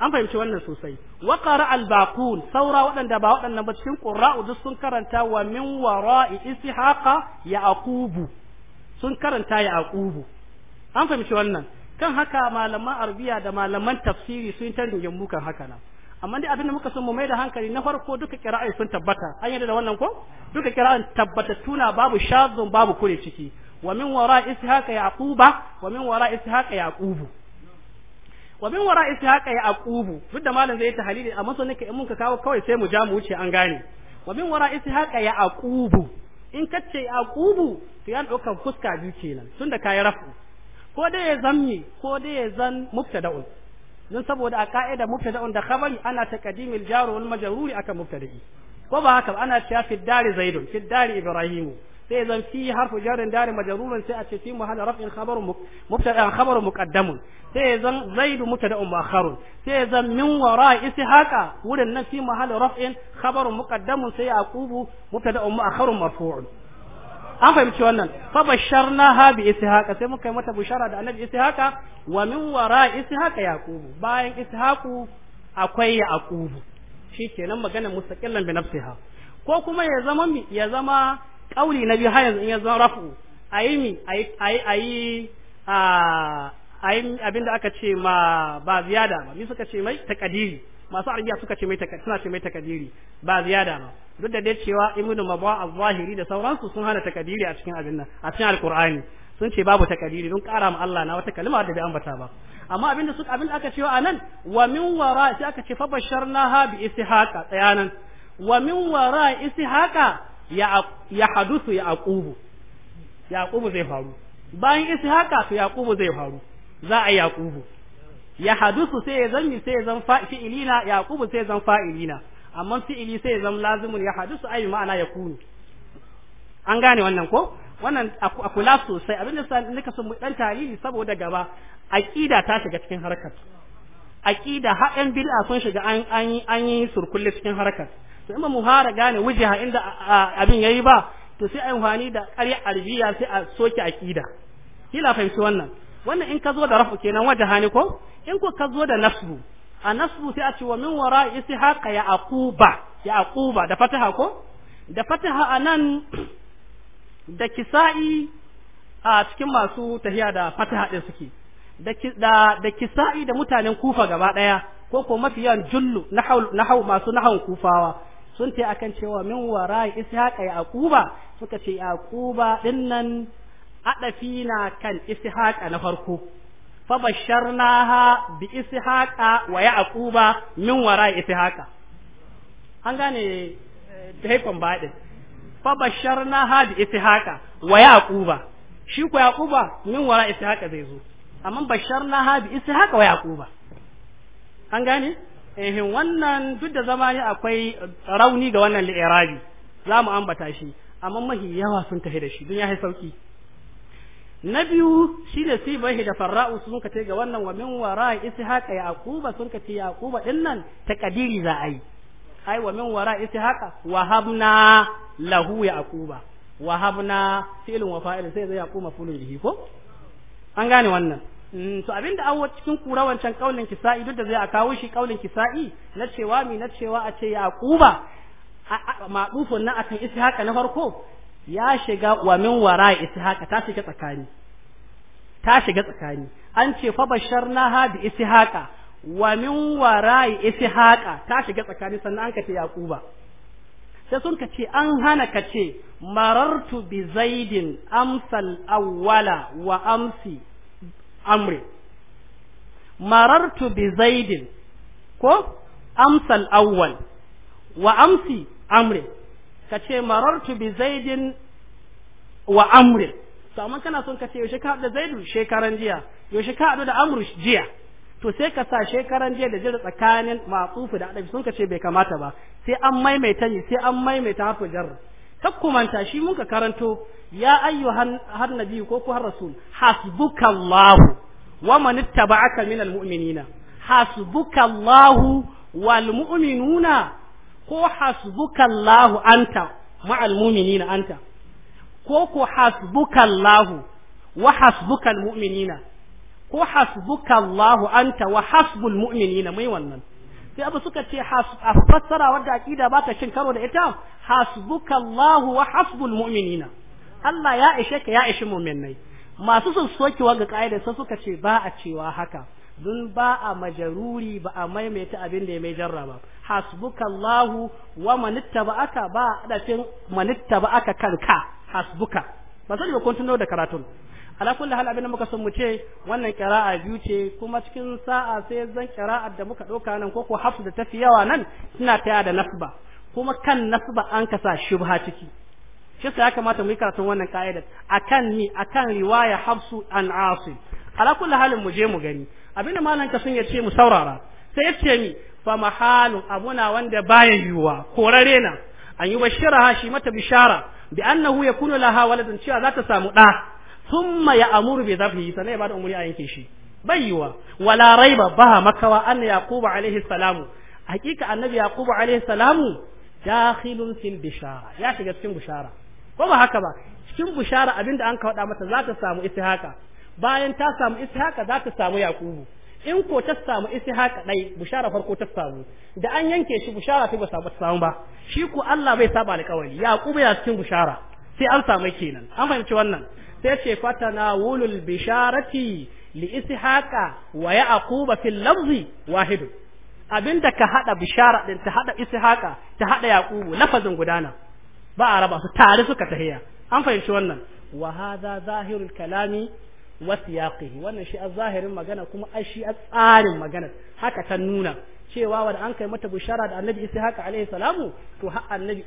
an fahimci wannan sosai wa qara al baqun saura waɗanda ba wadannan ba cikin qurra'u duk sun karanta wa min wara'i ishaqa yaqubu sun karanta yaqubu an fahimci wannan kan haka malaman arabiya da malaman tafsiri sun ta ringin bukan haka nan amma dai abinda muka san mu mai da hankali na farko duka kira'ai sun tabbata an yarda da wannan ko duka kira'an tabbatattuna babu shazun babu kure ciki wa min wara'i ishaqa yaquba wa min wara'i ishaqa yaqubu wa min wara ishaqa yaqubu duk da malam zai tahlili amma so nake in mun kawai sai mu ja mu wuce an gane wa min wara ishaqa yaqubu in kace yaqubu to ya dauka fuska biyu kenan tunda kai rafu ko dai ya zammi ko dai ya zan mubtada'un don saboda a ka'idar muftada'un da khabari ana ta jar jaruman majruri akan mubtada'i ko ba haka ana cewa fi dari zaidun fi ibrahimu sai zan fi harfu jarin dari majrurun sai a ce fi muhalla raf'in khabarun mubtada khabarun muqaddamun sai zan zaidu mubtada mu'akhkharun sai zan min wara ishaqa wurin nan fi muhalla raf'in khabarun muqaddamun sai yaqubu mubtada mu'akhkharun marfu'un an fahimci wannan fa basharnaha bi ishaqa sai muka yi mata bushara da annabi ishaqa wa min wara ishaqa yaqubu bayan ishaqu akwai yaqubu shikenan magana mustaqillan bi nafsiha ko kuma ya zama ya zama kauli na biyu har yanzu in ya zama rafu yi mi a yi a yi abin da aka ce ma ba ziyada ba ni suka ce mai takadiri masu arabiya suka ce mai takadiri suna ce mai takadiri ba ziyada ba duk da dai cewa ibnu mabwa az-zahiri da sauransu sun hana takadiri a cikin abin nan a cikin alqur'ani sun ce babu takadiri don kara ma Allah na wata kalma da bai ambata ba amma abin da suka abin da aka ce a nan wa min wara sai aka ce fa basharnaha bi ishaqa tsayanan wa min wara ishaqa ya hadusu ya aqubu yaqubu zai faru bayan isi su ya yaqubu zai faru za a yaqubu ya hadusu sai ya zanni sai ya zan fi'ilina yaqubu sai ya zan fa'ilina amma fi'ili sai ya zan lazimun ya hadusu ai ma'ana ya kunu an gane wannan ko wannan a kula sosai abin da nika son mu dan tarihi saboda gaba aqida ta shiga cikin harkar aqida har yan bid'a sun shiga an an yi surkulle cikin harkar sai in mu fara gane wujiha inda abin yayi ba to sai ai amfani da ƙarya arbiya sai a soke aqida kila fahimci wannan wannan in ka zo da rafu kenan wajaha ne ko in ko ka zo da nasbu a nasbu sai a ce wa min wara ishaqa ya aquba ya aquba da fataha ko da fataha anan da kisa'i a cikin masu tahiya da fataha din suke da da kisa'i da mutanen kufa gaba daya ko ko mafi jullu nahau nahau masu nahau kufawa sun ce akan cewa min wara ishaqa yaquba suka ce ya yaquba dinnan adafi na kan ishaqa na farko fa basharnaha bi ishaqa wa yaquba min wara ishaqa an gane da eh, haifan baɗin fa basharnaha bi ishaqa wa yaquba shi ko yaquba min wara ishaqa zai zo amma basharnaha bi ishaqa wa yaquba an gane Ehin wannan duk da zama ne akwai rauni ga wannan li'irabi za mu ambata shi amma mahi yawa sun tafi da shi dun ya yi sauki na biyu shi da bai da farra'u sun ka ga wannan wa min wara ishaqa yaquba sun ka ce yaquba din nan ta kadiri za a yi ai wa min wara ishaqa wa habna lahu yaquba wa habna fi'lun wa fa'ilun sai zai yaquma fulun bihi ko an gane wannan Mm, to abinda an cikin kura wancan kaulin kisa'i duk da zai a kawo shi kaulin kisa'i na cewa mi na cewa a ce yaquba madufun na akan ishaqa na farko ya shiga wa min wara ishaqa ta shiga tsakani ta shiga tsakani an ce fa basharnaha bi ishaqa wa min wara ishaqa ta shiga tsakani sannan an ka ce yaquba sai sun ka ce an hana ka ce marartu bi zaidin amsal awwala wa amsi amri marartu bi zaidin ko amsal awwal wa amsi amri kace marartu bi zaidin wa amri to amma kana son kace yaushe ka da zaidu shekaran jiya yaushe ka da amru jiya to sai ka sa shekaran jiya da jira tsakanin matsufu da adabi sun kace bai kamata ba sai an maimaita ni sai an maimaita hafu jarra kakkumanta shi mun ka karanto ya ayyuhan har nabi ko ku har rasul hasbukallahu wa man ittaba'aka min mu'minina hasbukallahu wal mu'minuna ko hasbukallahu anta ma'al mu'minina anta ko ku hasbukallahu wa hasbukal mu'minina ko hasbukallahu anta wa hasbul mu'minina mai wannan sai abu suka ce a fassara wadda aƙida ba ta shin karo da ita hasbuka Allahu wa hasbul mu'minina Allah ya ishe ka ya ishi mu'minai masu sun soki wanga kaida sai suka ce ba a cewa haka dun ba a majaruri ba a maimaita abin da ya mai jarra ba hasbuka Allahu wa manittaba'aka ba da ba manittaba'aka kanka hasbuka ba sai ba kun tuno da karatun ala kulli hal abin da muka san mu ce wannan qira'a biyu ce kuma cikin sa'a sai zan qira'ar da muka ɗauka nan ko ko hafsu da tafi yawa nan suna taya da nasba kuma kan nasba an kasa shubha ciki shi ya kamata mu yi karatun wannan ka'idar akan ni akan riwaya hafsu an asim ala kulli halin mu je mu gani abinda malan ka sun ya ce mu saurara sai ya ce ni fa mahalun abuna wanda baya yiwuwa korare na an yi bashira shi mata bishara bi annahu yakunu laha waladun cewa za ta samu da thumma ya amuru bi zafi sannan ya bada umuri a yanke shi yiwa wala raiba ba makawa anna yaquba alaihi salamu hakika annabi yaquba alaihi salamu dakhilun fil bishara ya shiga cikin bishara ko ba haka ba cikin bishara abinda an ka faɗa mata za ta samu ishaqa bayan ta samu ishaqa za ta samu yaqubu in ko ta samu ishaqa dai bushara farko ta samu da an yanke shi bushara sai ba samu samu ba shi ko Allah bai saba alƙawari yaqubu ya cikin bushara sai an samu kenan an fahimci wannan sai ce fatanawulul bisharati li ishaqa wa yaquba fil lafzi wahidu abinda ka hada bishara din ta hada ishaqa ta hada yaqubu lafazin gudana ba a raba su tare suka tahiya an fahimci wannan wa hadha zahirul kalami wa siyaqihi wannan shi zahirin magana kuma ai shi tsarin magana haka ta nuna cewa wanda an kai mata bishara da annabi ishaqa alaihi salamu to har annabi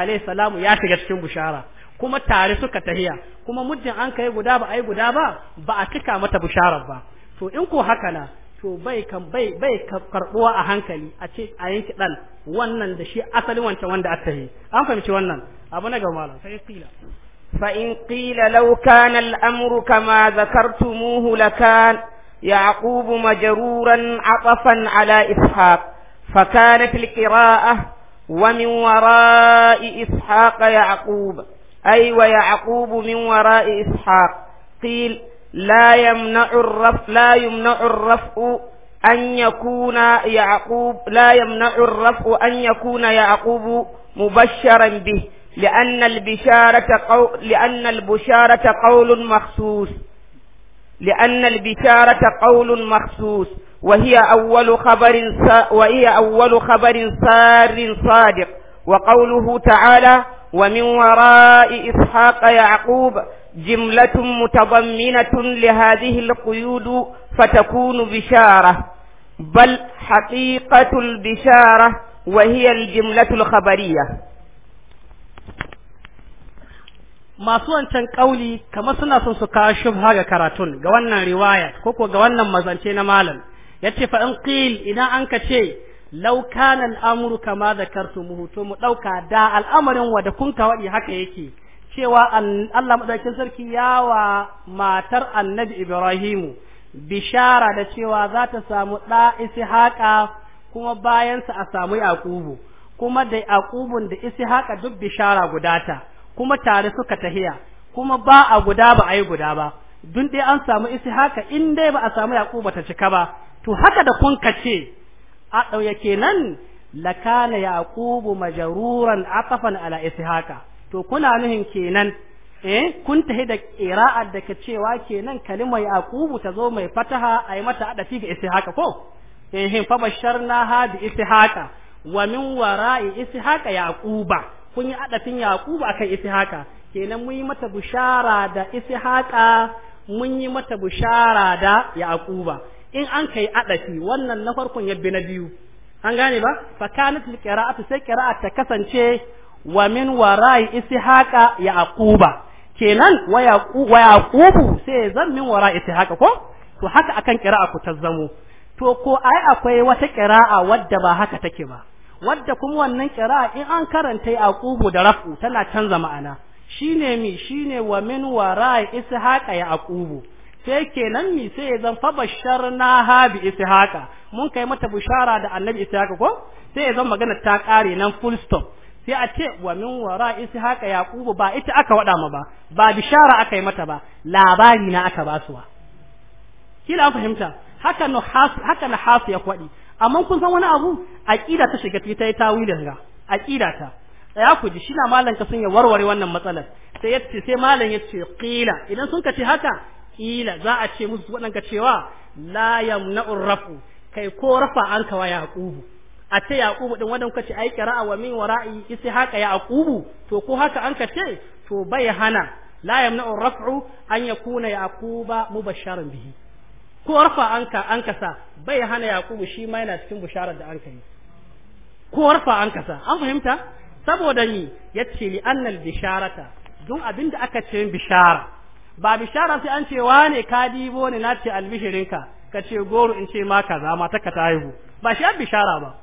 alaihi salamu ya shiga cikin bishara kuma tare suka tahiya kuma muddin an kai guda ba ai guda ba ba a cika mata bisharar ba to in ko haka na to bai kan bai bai karbuwa a hankali a ce a yanki dan wannan da shi asalin wancan wanda aka tahi an fahimci wannan abu na ga malam sai kila qila law kana al-amru kama zakartumuhu lakan يعقوب مجرورا عطفا على إسحاق فكانت القراءة ومن وراء إسحاق يعقوب أي ويعقوب من وراء إسحاق قيل لا يمنع الرفع لا يمنع الرفع أن يكون يعقوب لا يمنع الرفع أن يكون يعقوب مبشرا به لأن البشارة قول لأن البشارة قول مخصوص لأن البشارة قول مخصوص وهي أول خبر وهي أول خبر سار صادق وقوله تعالى ومن وراء إسحاق يعقوب جملة متضمنة لهذه القيود فتكون بشارة بل حقيقة البشارة وهي الجملة الخبرية ما سوى أن تنقولي كما سنة سنسكا شبها كراتون قوانا رواية كوكو قوانا مزانتين مالا يتفى انقيل إذا عنك شيء law kana kama kama mu to mu ɗauka da al'amarin wa da kun kawai haka yake cewa Allah madaukakin sarki yawa matar Annabi Ibrahimu bishara da cewa za ta samu isi haka kuma bayansa a samu Yaqubu kuma da Yaqubun da haka duk bishara gudata kuma tare suka tahiya kuma ba a guda ba a yi guda ba dun dai an samu haka in dai ba a samu Yaqubu ta cika ba to haka da kun kace a ɗauya kenan lakana yaqubu majaruran atafan ala ishaqa to kuna nuhin kenan eh kun tahi da qira'ar da ka cewa kenan kalima yaqubu ta zo mai fataha ai mata adafi ga ishaqa ko eh fa basharnaha bi ishaqa wa min wara'i ishaqa yaquba kun yi adafin yaquba akan ishaqa kenan mun yi mata bushara da ishaqa mun yi mata bushara da yaquba in an kai adafi wannan na farkon yabbe na biyu an gane ba fa kanat qira'atu sai qira'at ta kasance wa min wara'i ishaqa yaquba kenan wa yaqu wa yaqubu sai zan min wara'i ishaqa ko to haka akan qira'a ku tazzamo to ko ai akwai wata qira'a wadda ba haka take ba wadda kuma wannan qira'a in an karanta yaqubu da rafu tana canza ma'ana shine mi shine wa min wara'i ishaqa yaqubu sai kenan mi sai ya zan fabashar na ha bi ishaqa mun kai mata bushara da annabi ishaqa ko sai ya zan magana ta kare nan full stop sai a ce wa min wara ishaqa yaqubu ba ita aka wada ma ba ba bishara aka yi mata ba labari na aka basuwa kila an fahimta haka no haka na ya kwadi amma kun san wani abu aqida ta shiga ta yi tawilin ga aqida ta tsaya ku ji shi na malam ka sun ya warware wannan matsalar sai ce sai malam ce qila idan sun ka ce haka kila za a ce musu waɗanka cewa la yamna'ur rafu kai ko rafa an kawa yaqubu a ce yaqubu din wadan kace ai qira'a wa min wara'i isi haka yaqubu to ko haka an kace to bai hana la yamna'ur raf'u an yakuna yaquba mubasharan bihi ko rafa an ka an kasa bai hana yaqubu shi ma yana cikin bisharar da an kai ko rafa an kasa an fahimta saboda ni yace li annal bisharata duk abinda aka ce bishara ba bishara sai an ce ne ka dibo ne na ce albishirinka ka ce goro in ce ma kaza ma ka ta haihu ba shi bishara ba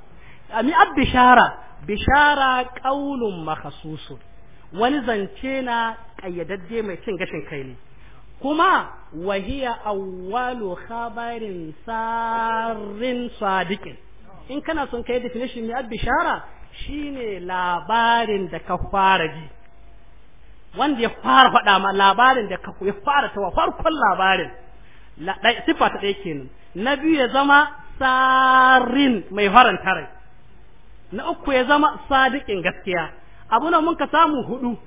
ami ab bishara bishara qaulun makhsusu wani zance na kayyadadde mai cin gashin kai ne kuma wahiya awwalu khabarin sarrin sadiqin in kana son kai definition mai ab bishara shine labarin da ka fara ji wanda ya fara faɗa ma labarin da ka ya fara tawa farkon labarin sifa ta ɗaya kenan na biyu ya zama sarin mai faranta rai na uku ya zama sadiƙin gaskiya abu na mun ka samu hudu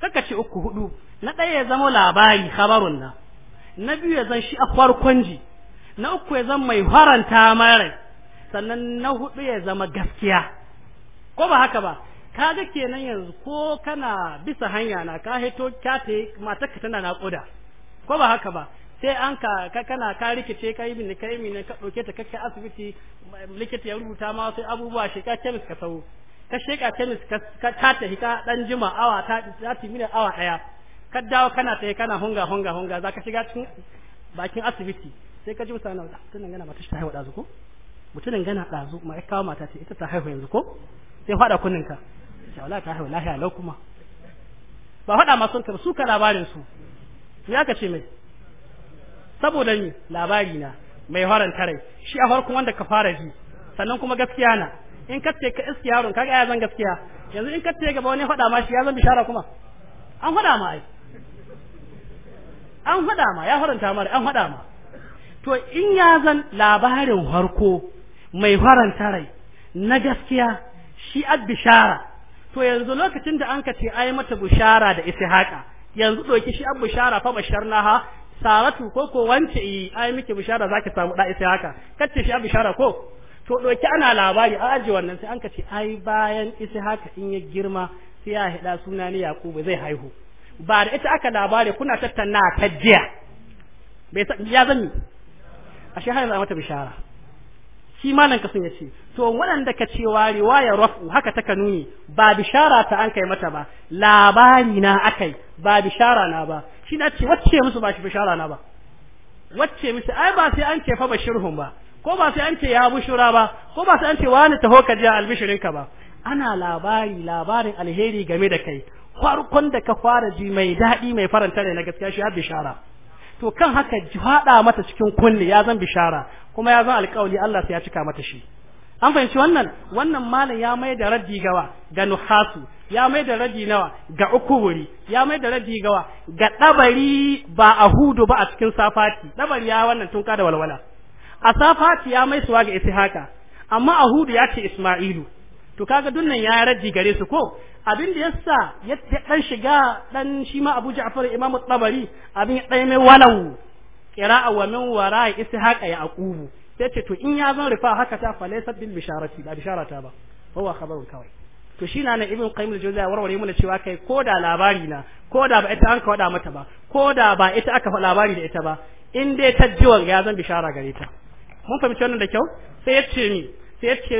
kaka ce uku hudu na ɗaya ya zama labari khabarun na na biyu ya zan shi a farkon ji na uku ya zama mai faranta mara sannan na hudu ya zama gaskiya ko ba haka ba kaga kenan yanzu ko kana bisa hanya na ka hito ka ta matarka tana naƙuda ko ba haka ba sai an ka kana ka rikice ka yi bin kai mini ka ɗauke ta kakkai asibiti likita ya rubuta ma sai abubuwa sheka kemis ka sau ka sheka kemis ka ta ta hika dan jima awa ta za ta mini awa ɗaya ka dawo kana sai kana hunga hunga hunga za ka shiga cikin bakin asibiti sai ka ji mutane na tunan gana mata ta haihu ɗazu ko mutumin gana ɗazu ma ya kawo mata ce ita ta haihu yanzu ko sai faɗa kunninka sai wala ta haihu lahiya lau kuma ba faɗa ma sun su ka labarin su to ya kace mai saboda ni labari na mai horan tare shi a farkon wanda ka fara ji sannan kuma gaskiya na in ka ce ka iski yaron kaga ya zan gaskiya yanzu in ka ce gaba wani faɗa ma shi ya zan bishara kuma an faɗa ma ai an faɗa ma ya faranta mara an faɗa ma to in ya zan labarin harko mai faranta rai na gaskiya shi ad bishara to yanzu lokacin da an ka ce ai mata bushara da ishaqa yanzu doki shi an bushara fa basharnaha saratu ko ko wance yi ai miki bushara zaki samu da ishaqa kace shi an bushara ko to doki ana labari a aje wannan sai an ce ai bayan ishaqa in ya girma sai ya hida suna ne yakubu zai haihu ba da ita aka labari kuna tattauna ta jiya bai ya zanni ashe har mata bushara. shi malan kasan yace to waɗanda ka cewa riwaya rafu haka ta kanuni ba bishara ta an kai mata ba labari na akai ba bishara na ba shi na ce wacce musu ba shi bishara na ba wacce musu ai ba sai an ce fa bashirhum ba ko ba sai an ce ya bushura ba ko ba sai an ce wani taho ka ji albishirin ka ba ana labari labarin alheri game da kai farkon da ka fara ji mai daɗi mai faranta ne na gaskiya shi har bishara to kan haka haɗa mata cikin kunne ya zan bishara kuma ya zan alƙawali Allah sai ya cika mata shi an fahimci wannan wannan malam ya mai da raddi gawa ga nuhasu ya mai da raddi nawa ga ukuburi ya mai da raddi gawa ga dabari ba a hudu ba a cikin safati dabari ya wannan tun da walwala a safati ya mai suwa ga ishaka amma a hudu ya ce isma'ilu to kaga dunnan ya raji gare su ko abin da yasa ya dan shiga dan shi ma Abu Ja'far Imam Tabari abin ya dai mai walau qira'a wa min wara'i ishaqa yaqubu sai ce to in ya zan rifa haka ta fa laysa bil bisharati ba bisharata ba huwa khabarun kawai to shi na ibn qayyim al-jawziya warware mu cewa kai ko da labari na ko da ba ita an kawada mata ba ko da ba ita aka labari da ita ba in dai ta ji wanga ya zan bishara gare ta mun fahimci wannan da kyau sai ya ce ni sai ya ce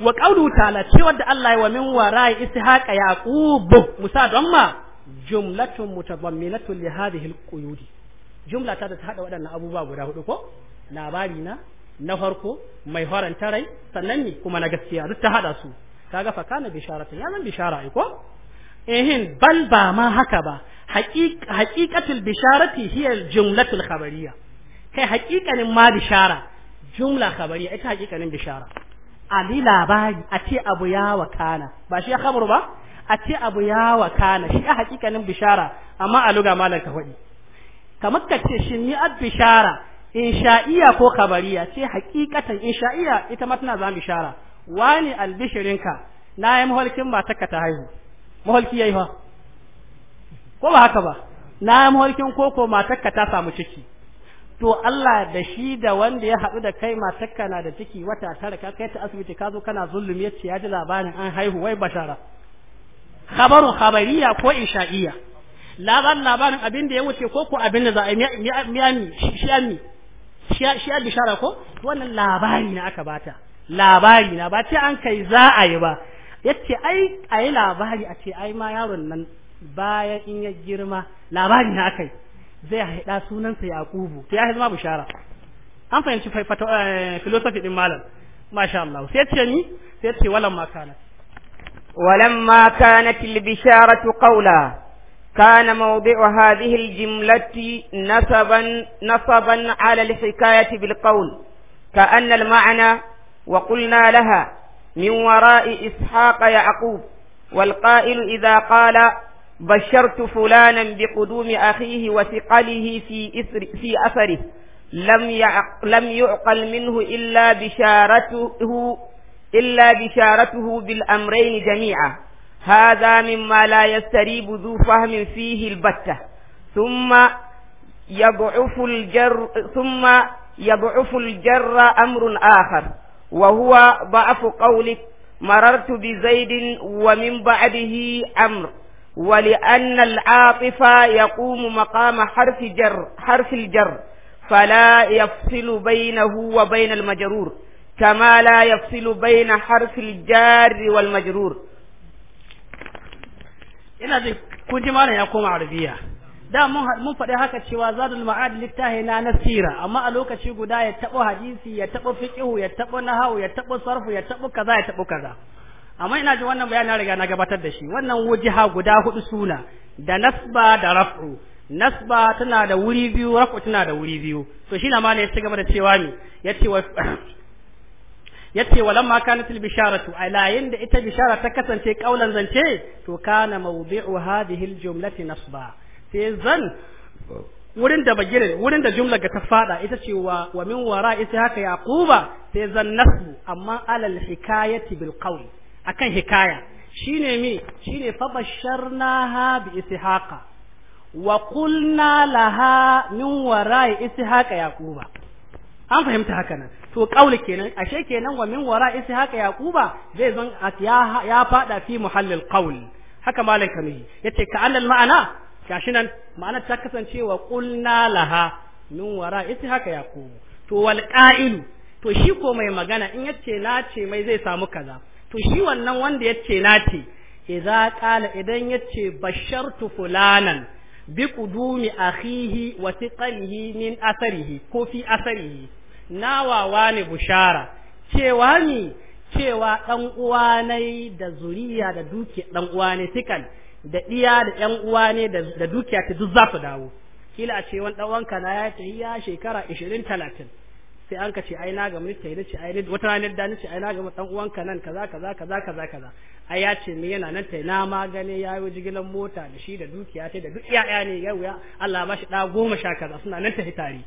wa qawlu ta'ala cewa da Allah ya wa min wara'i ishaqa yaqub musa don ma jumlatun mutadamminatun li hadhihi alquyud jumla ta da ta hada waɗannan abubuwa guda hudu ko labari na na farko mai faranta rai sannan ne kuma na gaskiya duk ta hada su kaga fa kana bisharatun ya zan bishara ai ko ehin bal ba ma haka ba haqiqatul bisharati hiya jumlatul khabariya kai haqiqanin ma bishara jumla khabariya ita haqiqanin bishara Ali labari a ce abu ya wakana ba shi ya ba a ce abu ya wakana shi a hakikanin bishara amma a luga malar ka hudu kamar ka ce shi ni ab bishara insha'iya ko kabariya ce hakikatan sha'iya ita ma tana zama bishara wani albishirinka na yi maholkin ba ta haihu maholki yi fa ko ba haka ba na yi maholkin koko matarka ta samu ciki to Allah da shi da wanda ya haɗu da kai matakka na da ciki wata tara ka kai ta asibiti ka zo kana zulumi ya ce ya ji labarin an haihu wai bashara khabaru khabariya ko insha'iya labarin labarin abin da ya wuce ko ko abin da za a yi miyami shiyami shiya bishara ko wannan labari na aka bata labari na ba ce an kai za a yi ba yace ai a yi labari a ce ai ma yaron nan bayan in ya girma labari na aka yi zai haɗa sunansa yaqubu to ya zama bushara an fahimci eh, philosophy din malam masha Allah sai ce ni sai ce walamma kana ولما كانت البشارة قولا كان موضع هذه الجملة نصبا نصبا على الحكاية بالقول كأن المعنى وقلنا لها من وراء إسحاق يعقوب والقائل إذا قال بشرت فلانا بقدوم أخيه وثقله في, إثر في أثره لم لم يعقل منه إلا بشارته إلا بشارته بالأمرين جميعا هذا مما لا يستريب ذو فهم فيه البتة ثم يضعف الجر ثم يضعف الجر أمر آخر وهو ضعف قولك مررت بزيد ومن بعده أمر ولأن العاطفة يقوم مقام حرف جر حرف الجر فلا يفصل بينه وبين المجرور كما لا يفصل بين حرف الجار والمجرور ina jin kun ji ya koma da mun faɗi haka cewa zadul ma'ad littahi na nasira amma a lokaci guda ya tabo hadisi ya tabo fiqhu ya tabo nahawu ya tabo sarfu ya tabo kaza ya tabo kaza amma ina ji wannan bayanin na riga na gabatar da shi wannan wajiha guda hudu suna da nasba da raf'u nasba tana da wuri biyu raf'u tana da wuri biyu to shi na ma ne ya ci gaba da cewa ne yace wa yace walamma kanat a layin da ita bishara ta kasance kaulan zance to kana mawdi'u hadhihi jumlati nasba sai zan wurin da bagire wurin da jumla ga ta fada ita ce wa wa min wara ita haka yaquba sai zan nasbu amma ala hikayati bil qawl akan hikaya shine mi shine fa ha bi ishaqa wa qulna laha min wara'i ishaqa yaquba an fahimta haka nan to kauli kenan ashe kenan wa min wara'i ishaqa yaquba zai zan ya ya fada fi muhallil qawl haka malam kamihi yace ka annal ma'ana gashi nan ma'ana ta kasance wa qulna laha min wara'i ishaqa yaqubu to wal qa'ilu to shi ko mai magana in yace na ce mai zai samu kaza to shi wannan wanda yace nati idza qala idan yace bashartu fulanan bi qudumi akhihi wa thiqalihi min asarihi ko fi asarihi nawawa ne bushara cewa ni cewa dan uwa ne da zuriya da duke dan uwa ne thiqal da iya da yan uwa ne da dukiya ta duk za dawo kila a ce wani dan wanka na ya tafi ya shekara 20 30 sai an kace ce ai na gamu nake nace ai wata ranar da nace ai na ga dan uwanka nan kaza kaza kaza kaza kaza ai ya ce me yana nan tai na magane yayi jigilan mota da shi da dukiya tai da duk iyaya ne yau ya Allah ba shi da goma sha kaza suna nan tai tare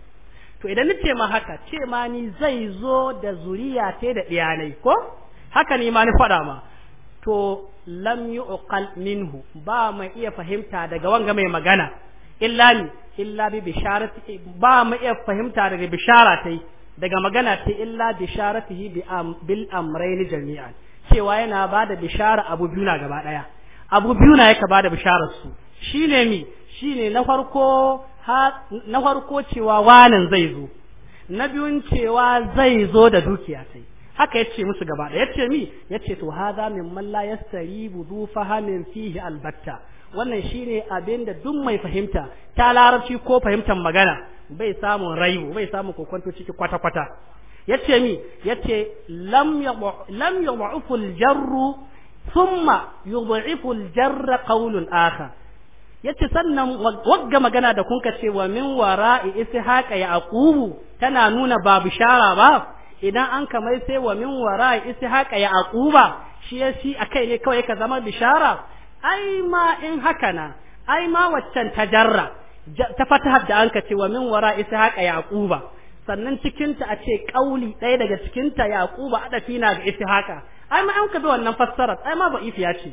to idan nace ma haka ce ma ni zai zo da zuriya tai da iyalai ko haka ni ma ni fada ma to lam yuqal minhu ba mai iya fahimta daga wanga mai magana illa ni illa bi bisharati ba mai iya fahimta daga bishara tai daga magana ta illa bisharatihi bil amrayn jami'an cewa yana bada bishara abu biyu na gaba daya abu biyu na yake bada bisharar su shine mi shine na farko na farko cewa wanan zai zo na biyun cewa zai zo da dukiya sai haka yace musu gaba da yace mi yace to hadha mimman la yastaribu zu fahamin fihi albatta wannan shine abin da duk mai fahimta ta larabci ko fahimtar magana bai samun raibu bai samun kokonto ciki kwata kwata yace mi yace lam lam yad'ufu aljarru thumma yud'ifu aljarra qawlun akhar yace sannan wagga magana da kun ce wa min wara'i ishaqa yaqubu tana nuna babu shara ba idan an kamai sai wa min wara haka ya aquba shi ya shi kai ne kawai ka zama bishara ai ma in haka na ai ma waccan tajarra ta fata da an ka ce wa min wara haka ya aquba sannan cikinta a ce kauli ɗaya daga cikinta ya aquba adafi na ga haka ai ma an ka bi wannan fassara ai ma ba ifiya ce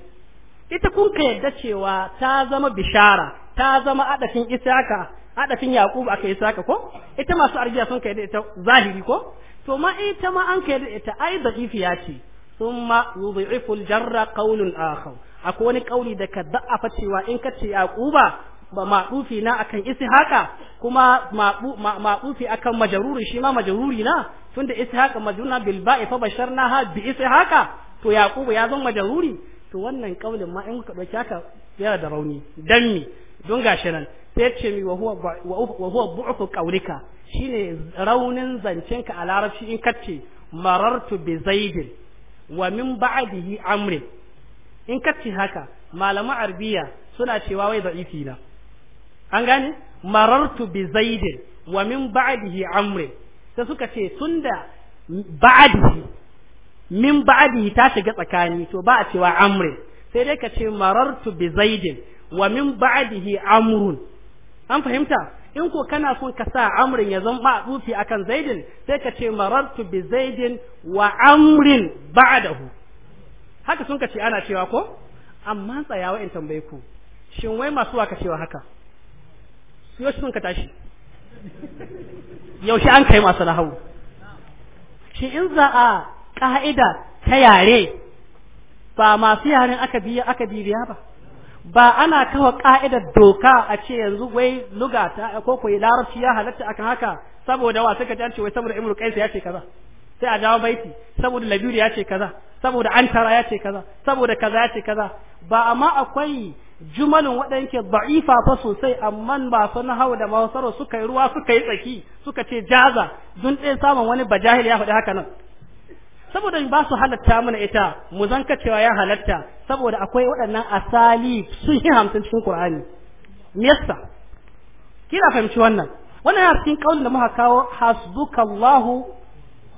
ita kun ka yadda cewa ta zama bishara ta zama adafin isaka adafin yaqub aka haka ko ita masu arjiya sun ka yadda ita zahiri ko to ma ita ma an kai da ita ai da'ifiya ce ma yudhi'iful jarra qawlun akhar akwai wani kauli da ka da'afa cewa in ka ce yaquba ba maɗufi na akan haka kuma maɗufi akan majaruri shi ma majaruri na tunda ishaqa majruna bil ba'i fa basharna ha bi haka to yaqubu ya zama majaruri to wannan kaulin ma in kuka dauki haka yana da rauni dan don gashi nan sai ce mi wa huwa huwa qawlika shine raunin ka a larabci in kace marartu bi zaid wa min ba'dihi amri in kace haka malama arabiya suna cewa wai da'ifi na an gane marartu bi zaid wa min ba'dihi amri sai suka ce tunda ba'dihi min ba'dihi ta shiga tsakani to ba a cewa amri sai dai ka ce marartu bi zaid wa min ba'dihi amrun an fahimta in ko kana son ka sa amrin ya zama dufi akan zaidin sai ka ce marartu bi zaidin wa amrin ba'dahu haka sun ka ce ana cewa ko amma tsayawa in tambaye ku shin wai masu waka cewa haka su sun ka tashi yaushe an kai masu lahau shi in za a ka'ida ta yare ba masu yaren aka biya aka biya ba ba ana kawo ka'idar doka a ce yanzu wai luga ta ko ko larabci ya halatta akan haka saboda wa suka ji wai saboda Ibn Qais ya ce kaza sai a jawo baiti saboda Labiri ya ce kaza saboda Antara ya ce kaza saboda kaza ya ce kaza ba amma akwai jumalun wadanke ba'ifa fa sosai amma ba su na hau da mahausarar suka yi ruwa suka yi tsaki suka ce jaza don ɗaya samun wani bajahil ya faɗi haka nan saboda ba su halatta mana ita mu zanka cewa ya halatta saboda akwai waɗannan asali sun yi hamsin cikin Qur'ani me yasa kina fahimci wannan wannan ya cikin kaulin da muka kawo hasbukallahu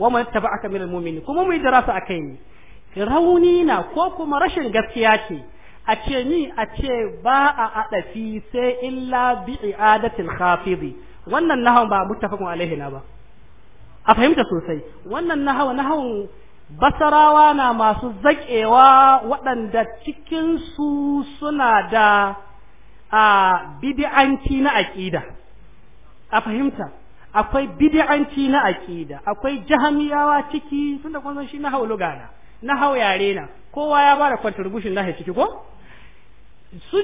wa man taba'aka minal mu'minin kuma mu yi darasa akai ne rauni na ko kuma rashin gaskiya ce a ce ni a ce ba a adafi sai illa bi i'adatil khafidi wannan nahon ba muttafaqun alaihi na ba a fahimta sosai wannan nahawa basarawa na masu zaƙewa waɗanda cikinsu suna da a bidi'anci na aƙida a fahimta akwai bidi'anci na aƙida akwai jahamiyawa ciki da kwanzan shi na lugana na hau yare na kowa ya bada contribution na ciki ko su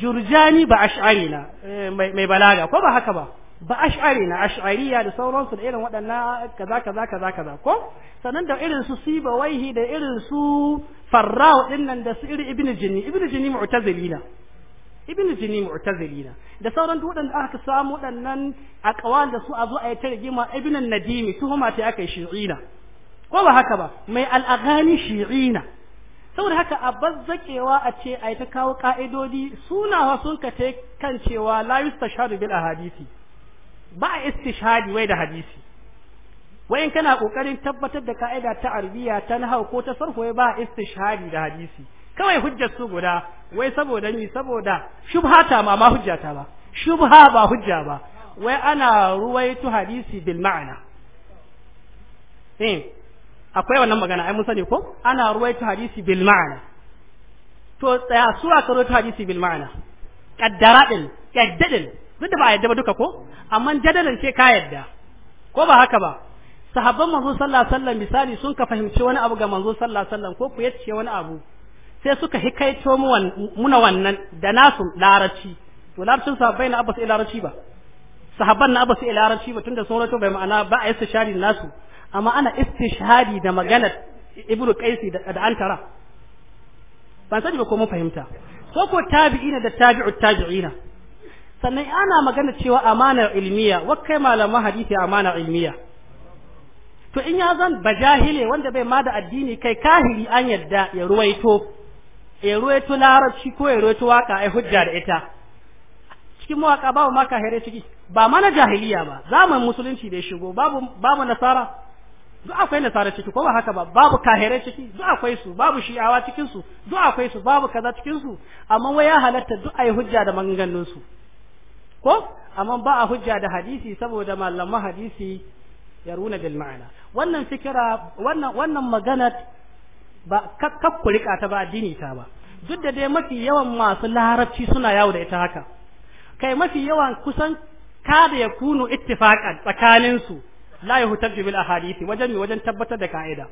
jurjani ba ash'ari na eh, mai balaga ko ba haka ba ba ash'ari na ash'ariya da sauransu da irin waɗannan kaza kaza kaza kaza ko sanan da irin su waihi da irin su farrao dinnan da su irin ibnu jinni ibnu jinni mu'tazilina ibnu jinni mu'tazilina da sauran duk waɗanda aka samu waɗannan aqwal da su a zo a yi ta rigima ibnu nadimi tuhuma ta aka shi'ina ko ba haka ba mai al'aghani shi'ina saboda haka a bazzakewa a ce a ta kawo ka'idodi sunawa sun ka kan cewa la yustashhadu bil ahadisi ba a istishhadi wai da hadisi wayan kana kokarin tabbatar da ka'ida ta arbiya ta nahau ko ta sarfo ba a istishhadi da hadisi kawai hujjar su guda wai saboda ni saboda ta ma ma hujjata ba shubha ba hujja ba wai ana ruwaitu hadisi bil ma'ana eh akwai wannan magana ai mun sani ko ana ruwaitu hadisi bil ma'ana to tsaya suwa karo hadisi bil ma'ana kaddara din kaddadin duk da ba a yadda ba duka ko amma jadalan ce ka yadda ko ba haka ba sahabban manzo sallallahu alaihi wasallam misali sun ka fahimci wani abu ga manzo sallallahu alaihi wasallam ko ku yace wani abu sai suka hikaito muna wannan da nasu larabci to larabcin sahabbai na abbas larabci ba sahabban na abbas larabci ba tunda sun rato bai ma'ana ba a yi shari nasu amma ana istishhadi da maganar ibnu qaisi da antara ban sani ba ko mun fahimta ko ko tabi'ina da tabi'u tabi'ina sannan ana magana cewa amanar ilmiya wakai malaman hadisi amanar ilmiya to in ya zan bajahile wanda bai ma da addini kai kahiri an yadda ya ruwaito ya ruwaito larabci ko ya ruwaito waka ai hujja da ita cikin mawaka babu ma kahire ciki ba mana jahiliya ba zaman musulunci da shigo babu babu nasara duk akwai nasara ciki ko ba haka ba babu kahire ciki duk akwai su babu shi'awa cikin su duk akwai su babu kaza cikin su amma wai ya halatta duk ai hujja da maganganun su ko amma ba a hujja da hadisi saboda malaman hadisi yaruna bil ma'ana wannan fikira wannan wannan magana ba kakkakku ta ba addini ta ba duk da dai mafi yawan masu larabci suna yawo da ita haka kai mafi yawan kusan kada ya kunu ittifaqan tsakanin su la yahtaju bil ahadisi wajen wajen tabbatar da kaida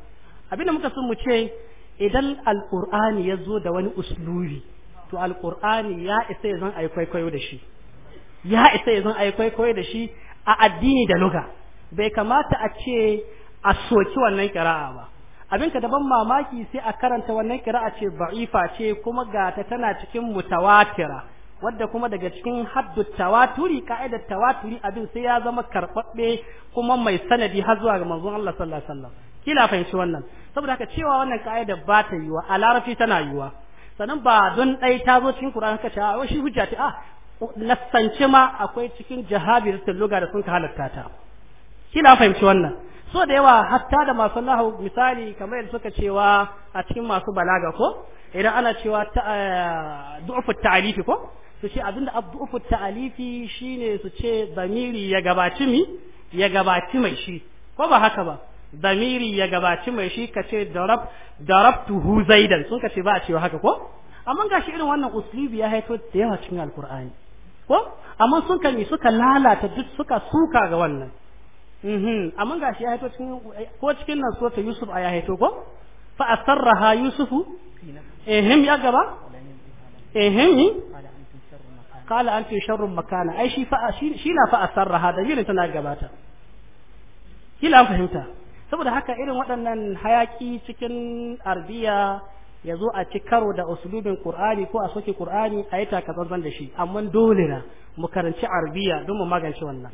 abinda muka sun mu ce idan alqur'ani ya zo da wani uslubi to alqur'ani ya isa ya zan ai kwaikwayo da shi ya isa yanzu a yi kwaikwayo da shi a addini da luga bai kamata a ce a soki wannan kira'a ba abinka daban mamaki sai a karanta wannan kira'a ce ba'ifa ce kuma ga ta tana cikin mutawatira wadda kuma daga cikin haddu tawaturi ka'idar tawaturi abin sai ya zama karɓaɓɓe kuma mai sanadi har zuwa ga manzon Allah sallallahu alaihi wasallam kila fahimci wannan saboda haka cewa wannan ka'ida ba ta yiwa a larabci tana yiwa sannan ba don ɗai ta zo cikin Qur'an ka ce a shi hujja ce a lassance ma akwai cikin da luga da sun ka halatta ta kina fahimci wannan so da yawa hatta da masu nahu misali kamar yadda suka cewa a cikin masu balaga ko idan ana cewa ta eh, du'ufu ta'alifi ko su ce abinda du'ufu ta'alifi shine su ce zamiri ya gabaci mi ya gabaci mai shi ko ba haka ba zamiri ya gabaci mai shi kace darab darabtuhu zaidan sun kace ba a cewa haka ko amma gashi irin wannan uslubi ya haito da yawa cikin alkur'ani. ko amma sun kan yi suka lalata duk suka suka ga wannan mhm amma gashi ya haito cikin ko cikin nan so ta Yusuf ya haito ko fa asarraha Yusufu ehim eh, ya gaba ehim eh, qala anti sharrun makana ai shi fa shi na fa asarraha da yin tana gabata kila an fahimta saboda haka irin waɗannan hayaki cikin arbiya ya zo a ci karo da usulubin qur'ani ko a soke qur'ani a yi taka takatsantsan da shi amma dole na mu karanci arabiya don mu magance wannan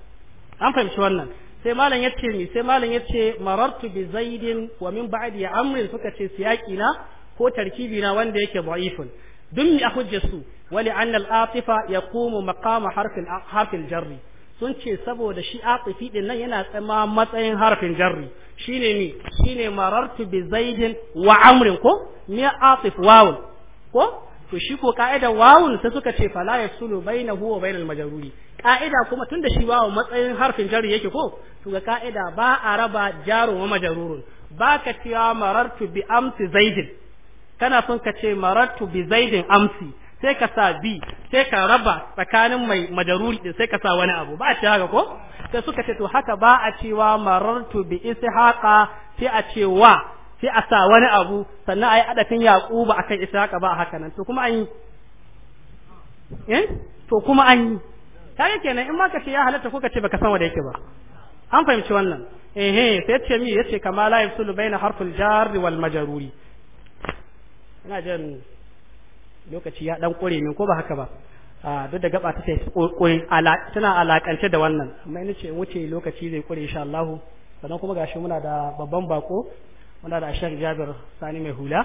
an fahimci wannan sai malam ya ce sai malam ya ce marartu bi zaidin wa min ba'di amrin suka ce siyaki na ko tarkibi na wanda yake da'ifun dun mi a hujjar su wali anna al-atifa yaqumu maqama harfin harfin jarri sun ce saboda shi atifi din nan yana tsama matsayin harfin jarri shine ni shine marartu bi zaidin wa amrin ko ni atif wawun ko to shi ko kaida wawun sai suka ce fala yasulu bainahu wa bainal majruri ka'ida kuma tunda shi wawun matsayin harfin jarri yake ko to ga ka'ida ba a raba jarun wa majrurun ba ka cewa marartu bi amsi zaidin kana son ka ce marartu bi zaidin amsi sai ka sa bi sai ka raba tsakanin mai majaruri din sai ka sa wani abu ba a ce haka ko sai suka ce to haka ba a cewa marartu bi ishaqa sai a ce wa sai a sa wani abu sannan ai adatin yaquba akan ishaqa ba haka nan to kuma an yi eh to kuma an yi kage kenan in ma ka ce ya halatta ko ka ce baka san wanda yake ba an fahimci wannan eh eh sai ce mi yace kamala la yafsulu baina harful jar wal majruri ina jin lokaci ya dan kure min ko ba haka ba a duk da gaba ta sai kure ala tana alakance da wannan amma ina ce wuce lokaci zai kure insha Allah sannan kuma gashi muna da babban bako muna da Sheikh Jabir Sani mai hula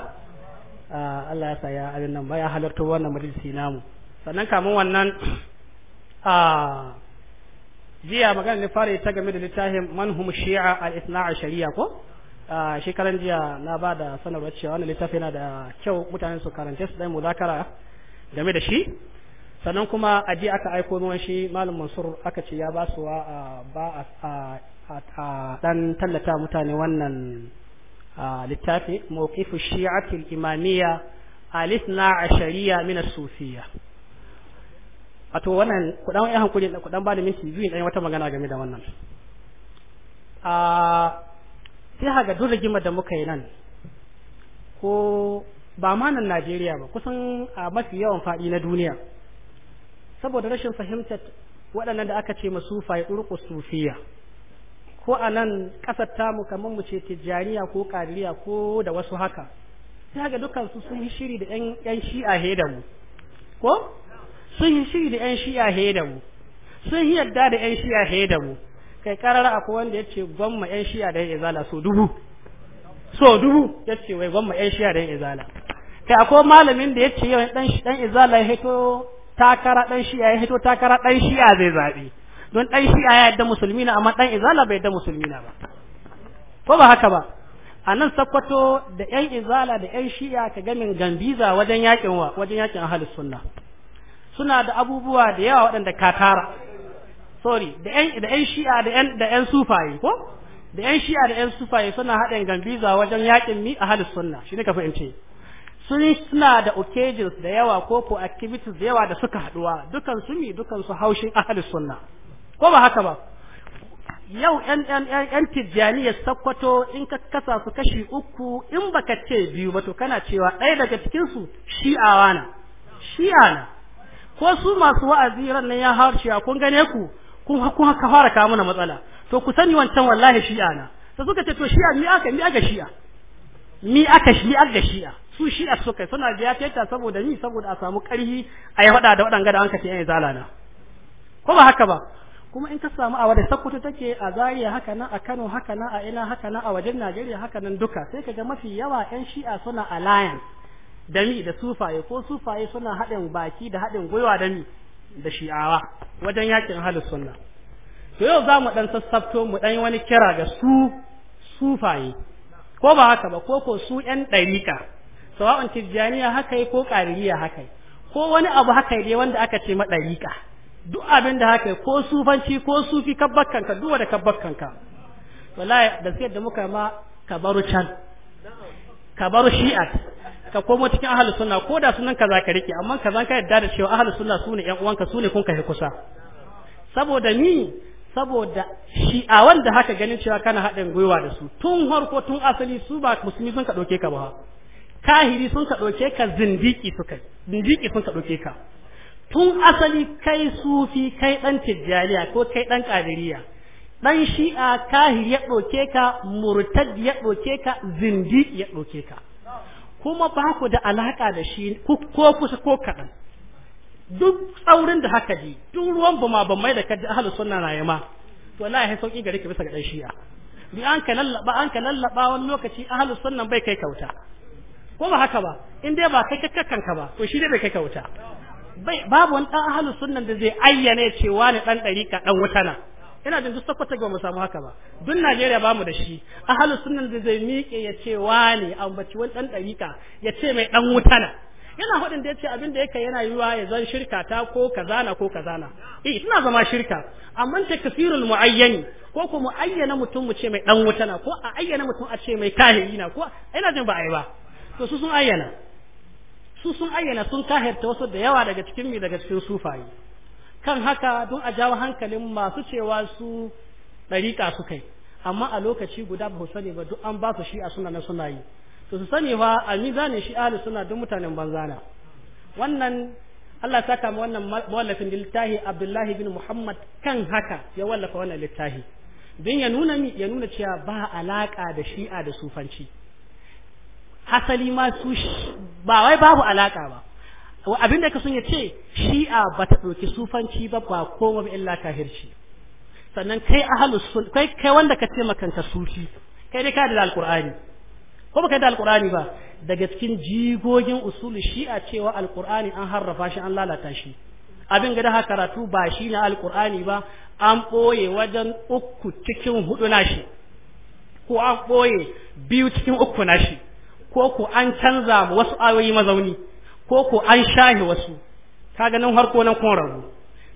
Allah ya sa ya abin nan ba ya halarta wannan majalisi namu sannan kamun wannan a jiya magana ne fara ta game da littafin manhum shi'a al isna'a shari'a ko a shekaran jiya na ba da sanarwar cewa wani littafi na da kyau mutane su karanta su dai muzakara game da shi sannan kuma a ji aka aiko ruwan shi malam mansur aka ce ya ba su a ba a dan tallata mutane wannan littafi mawqifu shi'ati al-imamiyya al-ithna ashariya min as-sufiyya wato wannan kudan ai hankuri kudan ba da minti biyu dan wata magana game da wannan a sai haga duk gima da muka yi nan ko ba ma nan Najeriya ba kusan a mafi yawan faɗi na duniya saboda rashin fahimtar waɗannan da aka ce masu fayi urku sufiya ko a nan ƙasar tamu kamar mu ce tijjaniya ko ƙadiriya ko da wasu haka sai ga dukkan su sun yi shiri da ƴan shi'a he da mu ko sun yi shiri da ƴan shi'a he mu sun yi yadda da ƴan shi'a he mu kai karara akwai wanda ya ce gwamma yan shiya da yan izala so dubu so dubu ya ce wai gwamma yan shiya da yan izala kai akwai malamin da ya ce yau dan dan izala ya hito takara dan shiya ya hito takara dan shiya zai zabi don dan shiya ya yadda musulmi na amma dan izala bai yadda musulmi na ba ko ba haka ba a nan sakkwato da yan izala da yan shiya ka gamin gambiza wajen yakin wa wajen yakin Ahalis sunna suna da abubuwa da yawa waɗanda ka tara sorry da yan da yan shi'a da yan da yan sufaye ko da yan shi'a da yan sufaye suna haɗin gambiza wajen yakin mi a halin sunna shi ne ka fahimce sun suna da occasions da yawa ko ko activities da yawa da suka haɗuwa dukan su mi dukan su haushin sunna ko ba haka ba yau yan yan yan tijjaniyar sakkwato in ka kasa su kashi uku in baka ce biyu ba to kana cewa ɗaya daga cikin su shi'awa na shi'a na ko su masu wa'azi ran nan ya harciya kun gane ku kun ka fara kawo mana matsala to ku sani wancan wallahi shi'a na sai suka ce to shi'a ni aka ni aka shi'a ni aka aka shi'a su shi'a suka suna biya ta saboda ni saboda a samu karhi a yi hada da waɗanga da an kace yan zala na ko ba haka ba kuma in ka samu a wadda sakkwato take a Zariya haka nan a kano haka nan a ina haka nan a wajen najeriya haka nan duka sai ka ga mafi yawa yan shi'a suna alliance da mi da sufaye ko sufaye suna haɗin baki da haɗin gwiwa da mi da shi'awa wajen yakin halin sunna to yau za mu ɗan sassafto mu ɗan wani kira ga su sufaye ko ba haka ba ko ko su yan ɗarika sawa'un tijjaniya haka yi ko ƙaririya haka ko wani abu haka yi wanda aka ce ma ɗarika duk abin da haka ko sufanci ko sufi kabbakanka da wallahi da sai da muka ma kabaru can kabaru shi'at ka komo cikin ahalus sunna ko da sunan ka zaka rike amma ka zaka yarda da cewa ahlus sunna sune ƴan uwanka sune kun kai kusa saboda ni saboda shi a wanda haka ganin cewa kana haɗin gwiwa da su tun harko tun asali su ba musulmi sun ka ɗauke ka ba kahiri sun ka ɗauke ka zindiki sun ka ɗauke ka tun asali kai sufi kai ɗan tijjaniya ko kai ɗan ƙadiriya ɗan shi'a kahiri ya ɗauke ka murtad ya ɗauke ka zindiki ya ɗauke ka kuma ba ku da alaka da shi ko kusa ko kaɗan duk tsaurin da haka ji duk ruwan bama ban mai da kaji ahlus sunna na yama to wallahi sauki gare ki bisa ga dan shi'a bi an ka lallaba an ka lallaba wani lokaci ahlus sunna bai kai kauta ko ba haka ba in dai ba kai kakkanka ba to shi dai bai kai kauta bai babu wani dan ahlus sunna da zai ayyane cewa ne dan ka dan wutana ina jin duk sakwata ba mu samu haka ba duk Najeriya ba mu da shi ahlus sunnan da zai miƙe ya ce wani ambaci wani dan dariƙa ya ce mai dan wutana yana hudin da ya ce abin da yake yana yiwa ya zan shirka ta ko kazana ko kazana eh suna zama shirka amma takfirul muayyani ko ko mu ayyana mutum mu ce mai dan wutana ko a ayyana mutum a ce mai kahirina ko ina jin ba ai ba to su sun ayyana su sun ayyana sun kahirta wasu da yawa daga cikin mi daga cikin sufaye kan haka don a jawo hankalin masu cewa su ɗariƙa su kai amma a lokaci guda ba su sani ba duk an ba su shi a suna na suna yi to su sani ba a mizanin shi ahli suna duk mutanen banzana wannan Allah saka ma wannan mawallafin littahi Abdullahi bin Muhammad kan haka ya wallafa wannan littahi don ya nuna mi ya nuna cewa ba alaka da shi'a da sufanci asali ma su ba wai babu alaka ba abin da ka sun ya ce shi'a ba ta ɗauki sufanci ba ba koma illa kahirci sannan kai ahalus sun kai kai wanda ka ce ka sufi kai dai ka da alqur'ani ko kai da alqur'ani ba daga cikin jigogin usul shi'a cewa alqur'ani an harrafa shi an lalata shi abin ga da karatu ba shi na alqur'ani ba an ɓoye wajen uku cikin hudu na shi ko an boye biyu cikin uku na shi ko ko an canza wasu ayoyi mazauni ko ko an shahi wasu ka nan harko nan kun rabu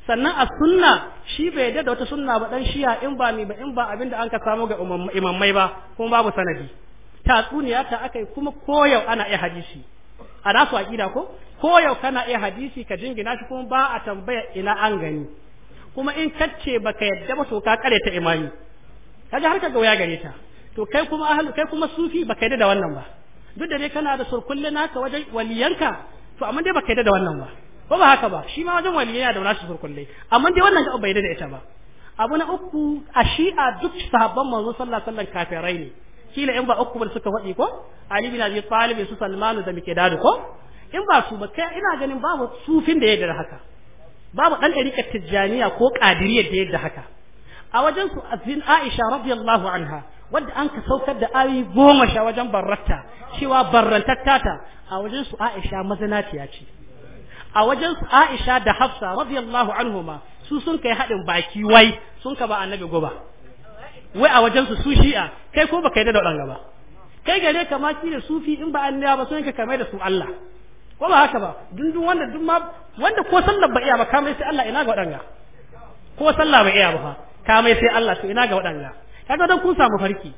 sannan a sunna shi bai yadda da wata sunna ba dan shiya in ba mi ba in ba abin da an ka samu ga imammai ba kuma babu sanadi tatsuniya ta akai kuma koyau ana iya hadisi a nasu aqida ko koyau kana iya hadisi ka jingina shi kuma ba a tambaya ina an gani kuma in kacce baka yadda ba to ka kare ta imani kaje har ka ga waya gare ta to kai kuma ahlu kai kuma sufi baka yadda da wannan ba duk da dai kana da surkulle naka wajen waliyanka to amma dai baka yadda da wannan ba ko ba haka ba shi ma wajen waliyyai yana da nashi surkulle amma dai wannan ga bai da ita ba abu na uku a shi'a duk sahabban manzo sallallahu alaihi wasallam kafirai ne kila in ba uku ba suka faɗi ko ali bin abi talib su salmanu da miqdad ko in ba su ba kai ina ganin babu sufin da yadda haka babu dan dariƙar tijjaniya ko qadiriyya da yadda haka a wajen su azin aisha radiyallahu anha wadda an ka saukar da ayoyi goma sha wajen barratta cewa barrantattata a wajen su Aisha mazinaciya ce a wajen su Aisha da Hafsa radiyallahu anhuma su sun kai haɗin baki wai sun ka ba annabi goba wai a wajen su su shi'a kai ko baka yi da wadanga ba kai gare ka ma da sufi in ba annabi ba sun ka kamar da su Allah ko ba haka ba dundun wanda dun ma wanda ko sallar ba iya ba kamar sai Allah ina ga wadanga ko sallah ba iya ba fa kamar sai Allah to ina ga wadanga kaga dan kun samu farki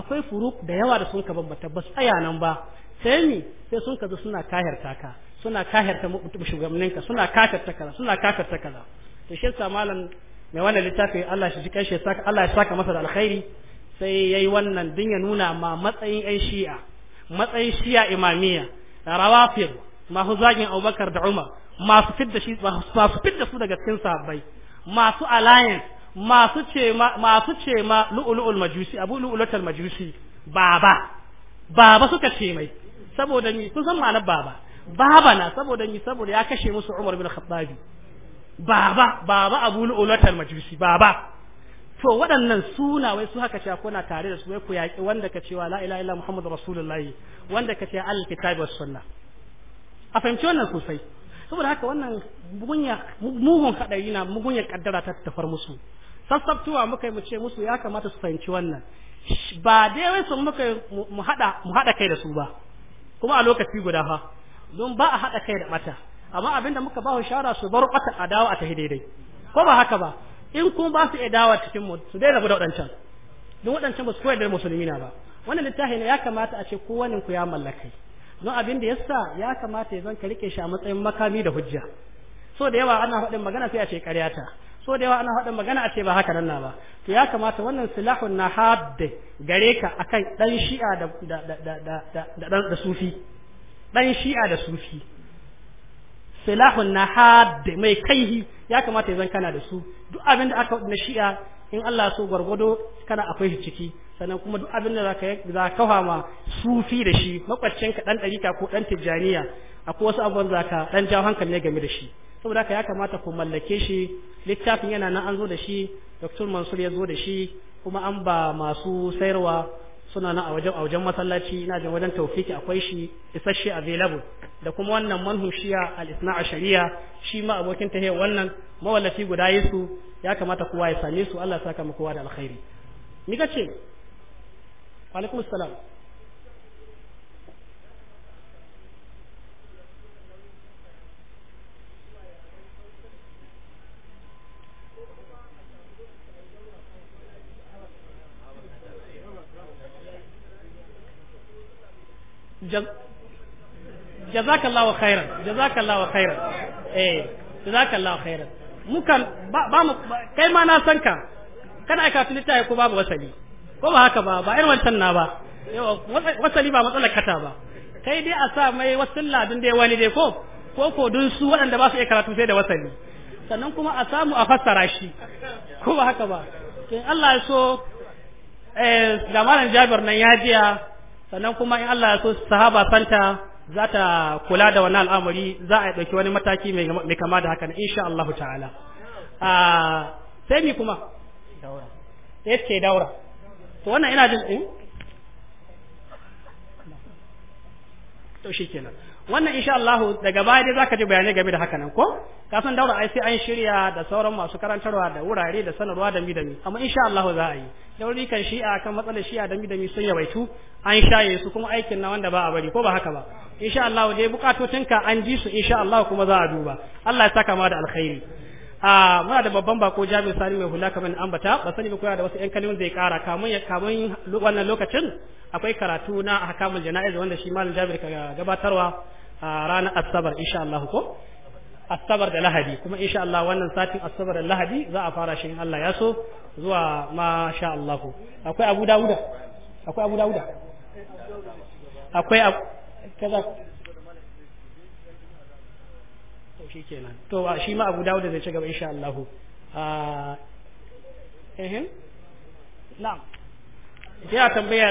akwai furuk da yawa da sun ka bambata ba tsaya nan ba sai ni sai sun ka zo suna kahirta ka suna kahirta shugabannin ka suna kahirta kaza suna kahirta kaza to shi yasa malam mai wannan littafi Allah shi ji kanshi Allah ya saka masa da alkhairi sai yayi wannan din ya nuna ma matsayin ƴan shi'a matsayin shi'a imamiyya rawafid masu zagin Abubakar da Umar masu fidda shi masu fidda su daga cikin sahabbai masu alliance masu ce ma masu ce ma lu'lu'ul majusi abu lu'ulatul majusi baba baba suka ce mai saboda ni sun san ma'anar baba baba na saboda ni saboda ya kashe musu Umar bin Khattabi baba baba abu lu'ulatul majusi baba to waɗannan suna wai su haka ko na tare da su wai ku yaƙi wanda ka cewa la ilaha illa muhammadu rasulullahi wanda ka ce alkitabi was sunnah a fahimci wannan sosai saboda haka wannan mugunya mugun hadari na mugunya kaddara ta tafar musu sassabtuwa muka yi mu ce musu ya kamata su fahimci wannan ba dai wai sun muka mu hada mu hada kai da su ba kuma a lokaci guda fa don ba a hada kai da mata amma abinda muka ba shara su bar kwata a dawo a tahi daidai ko ba haka ba in kun ba su iya dawo cikin mu su daina da wadancan don wadancan ba su koyar da musulmi na ba wannan littafi ne ya kamata a ce kowannen ku ya mallakai. don abin da yasa ya kamata ya zan ka rike shi a matsayin makami da hujja so da yawa ana faɗin magana sai a ce ta so da yawa ana faɗin magana a ce ba haka nan na ba to ya kamata wannan silahun na hadde gare ka akan dan shi'a da da da da da sufi dan shi'a da sufi silahun na hadde mai kaihi ya kamata ya zan kana da su duk abin da aka na shi'a in Allah so gwargwado kana akwai shi ciki sannan kuma duk abin da zaka za kawa ma sufi da shi makwacin ka dan ɗarika ko dan tijjaniya akwai wasu abubuwan zaka dan jawo hankali ne game da shi saboda haka ya kamata ku mallake shi littafin yana nan an zo da shi Dr. Mansur ya zo da shi kuma an ba masu sayarwa suna nan a wajen a wajen masallaci ina jin wajen taufiki akwai shi isasshe available da kuma wannan manhushiya al-isna ashariya shi ma abokin ta tahiyar wannan mawallafi guda yesu ya kamata kowa ya same su Allah ya saka mu kowa da alkhairi ni kace alaikum salam jazakallahu khairan jazakallahu khairan eh khairan mukan ba mu kai ma na ko babu wasali ko ba haka ba ba irin wancan na ba wasali ba matsalar kata ba kai dai a sa mai wasilla din dai wani dai ko ko ko dun su waɗanda ba su iya karatu sai da wasali sannan kuma a samu a fassara shi ko ba haka ba in Allah ya so eh da malam Jabir nan ya jiya sannan kuma in Allah ya so sahaba santa za ta kula da wannan al'amari za a ɗauki wani mataki mai kama da haka insha Allah ta'ala a ah, sai mi kuma daura sai ce daura to wannan ina jin din eh? to kenan wannan insha Allah daga baya dai zaka ji bayanai game da haka nan ko ka san daura ai sai an shirya da sauran masu karantarwa da wurare da sanarwa da mi da mi amma insha Allah za a yi dauri kan shi a kan matsalar shi da mi da mi sun yawaitu an shaye su kuma aikin na wanda ba a bari ko ba haka ba insha Allah dai bukatotinka an ji su insha Allah kuma za a duba Allah ya saka ma da alkhairi a muna da babban bako jami'in sani mai hula kamar ambata ba sani ba kuna da wasu yan kalmomin zai kara kamun kamun wannan lokacin akwai karatu na ahkamul jana'iz wanda shi malam jami'in ka gabatarwa a ranar asabar insha Allah ko asabar da lahadi kuma insha Allah wannan satin asabar da lahadi za a fara shi Allah ya so zuwa ma sha Allah akwai Abu dauda akwai Abu dauda akwai kaza shikenan to shi ma Abu da zai ci gaba insha Allah ah ehem na'am sai tambaya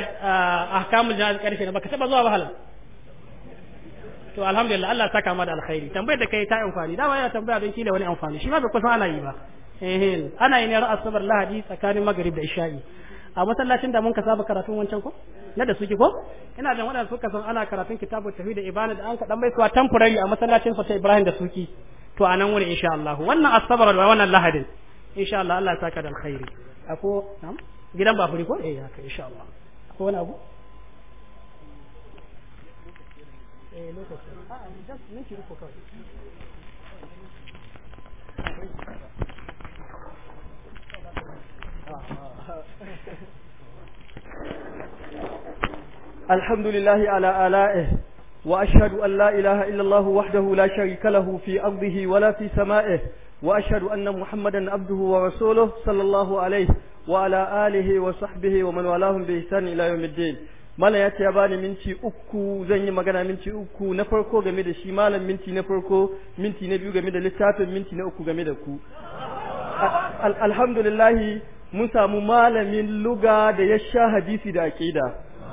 ahkamul jihad karfe na baka taba zuwa ba halal to alhamdulillah Allah saka ma da alkhairi tambayar da kai ta amfani dama ya tambaya don kila wani amfani shi ma bai kusan ana yi ba eh ana yi ne ra'as sabar lahadi tsakanin maghrib da isha'i a masallacin da mun ka saba karatun wancan ko na da suke ko ina da wadanda suka san ana karatun kitabu tauhid da ibana da an ka dan baisuwa temporary a masallacin sa ta Ibrahim da suke to a nan wuri insha Allah wannan asabar da wannan lahadin insha Allah Allah ya saka da alkhairi ako nam gidan bafuri ko eh haka insha Allah ko wani abu eh lokacin just Thank you. الحمد لله على آلائه وأشهد أن لا إله إلا الله وحده لا شريك له في أرضه ولا في سمائه وأشهد أن محمدا عبده ورسوله صلى الله عليه وعلى آله وصحبه ومن والاهم بإحسان إلى يوم الدين malam ya ce ya bani minti uku zan yi magana minti uku na farko game da shi malam minti na farko minti na biyu game da littafin minti na uku game da ku alhamdulillahi mun samu malamin luga da ya sha hadisi da aqida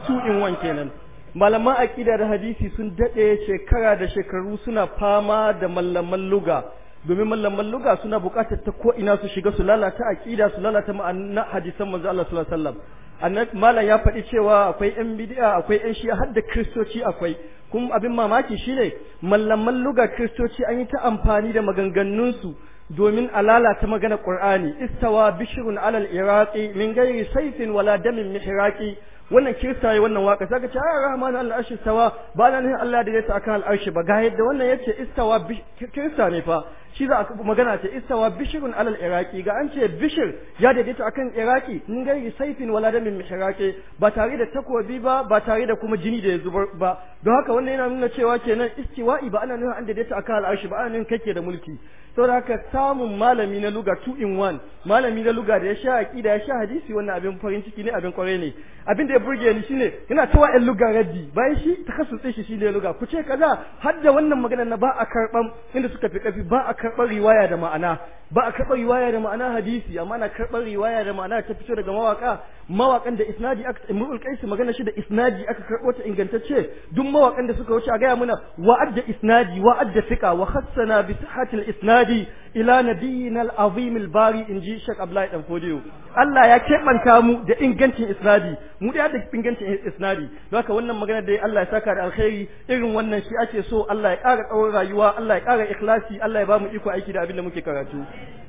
su in wan kenan malaman aqida da hadisi sun daɗe shekara da shekaru suna fama da mallaman luga domin mallaman luga suna buƙatar ta ko'ina su shiga su lalata aqida su lalata ma'ana hadisan manzo Allah sallallahu alaihi wasallam annabi malam ya faɗi cewa akwai ƴan bid'a akwai ƴan shi'a har da kristoci akwai kuma abin mamaki shine mallaman luga kiristoci an yi ta amfani da maganganunsu domin a lalata magana qur'ani istawa bishrun alal iraqi min ghairi sayfin wala damin mihraqi wannan kirista yayi wannan waka saka ce ayar rahman al arshi tawa ba nan Allah da yasa akan al arshi ba ga yadda wannan yace istawa kirista ne fa shi za a magana ce istawa bishirun alal iraki ga an ce bishir ya daidaita akan iraki mun gairi saifin wala damin mihraqi ba tare da takobi ba ba tare da kuma jini da ya zubar ba don haka wannan yana nuna cewa kenan istiwa'i ba ana nuna an daidaita akan al'arshi ba ana nuna kake da mulki saboda haka samun malami na luga two in one malami na luga da ya sha aqida ya sha hadisi wannan abin farin ciki ne abin kwarai ne abin da ya burge ni shine yana cewa ɗan luga raddi bayan shi takassus shi shine luga ku ce kaza har da wannan maganar na ba a karban inda suka fi kafi ba a karɓar riwaya da ma'ana ba a karɓar riwaya da ma'ana hadisi amma na karɓar riwaya da ma'ana ta fito daga mawaka mawakan da isnadi aka imrul qais magana shi da isnadi aka karɓo ta ingantacce duk mawakan da suka wuce a gaya muna wa adda isnadi wa adda fiqa wa khassana bi sihhatil isnadi ila nabiyina al-azim al-bari inji shek ablai dan fodiyo Allah ya kebanta mu da ingancin isnadi mu da da ingancin isnadi don haka wannan magana da Allah ya saka da alkhairi irin wannan shi ake so Allah ya ƙara tsawon rayuwa Allah ya ƙara ikhlasi Allah ya ba mu iko aiki da abin da muke karatu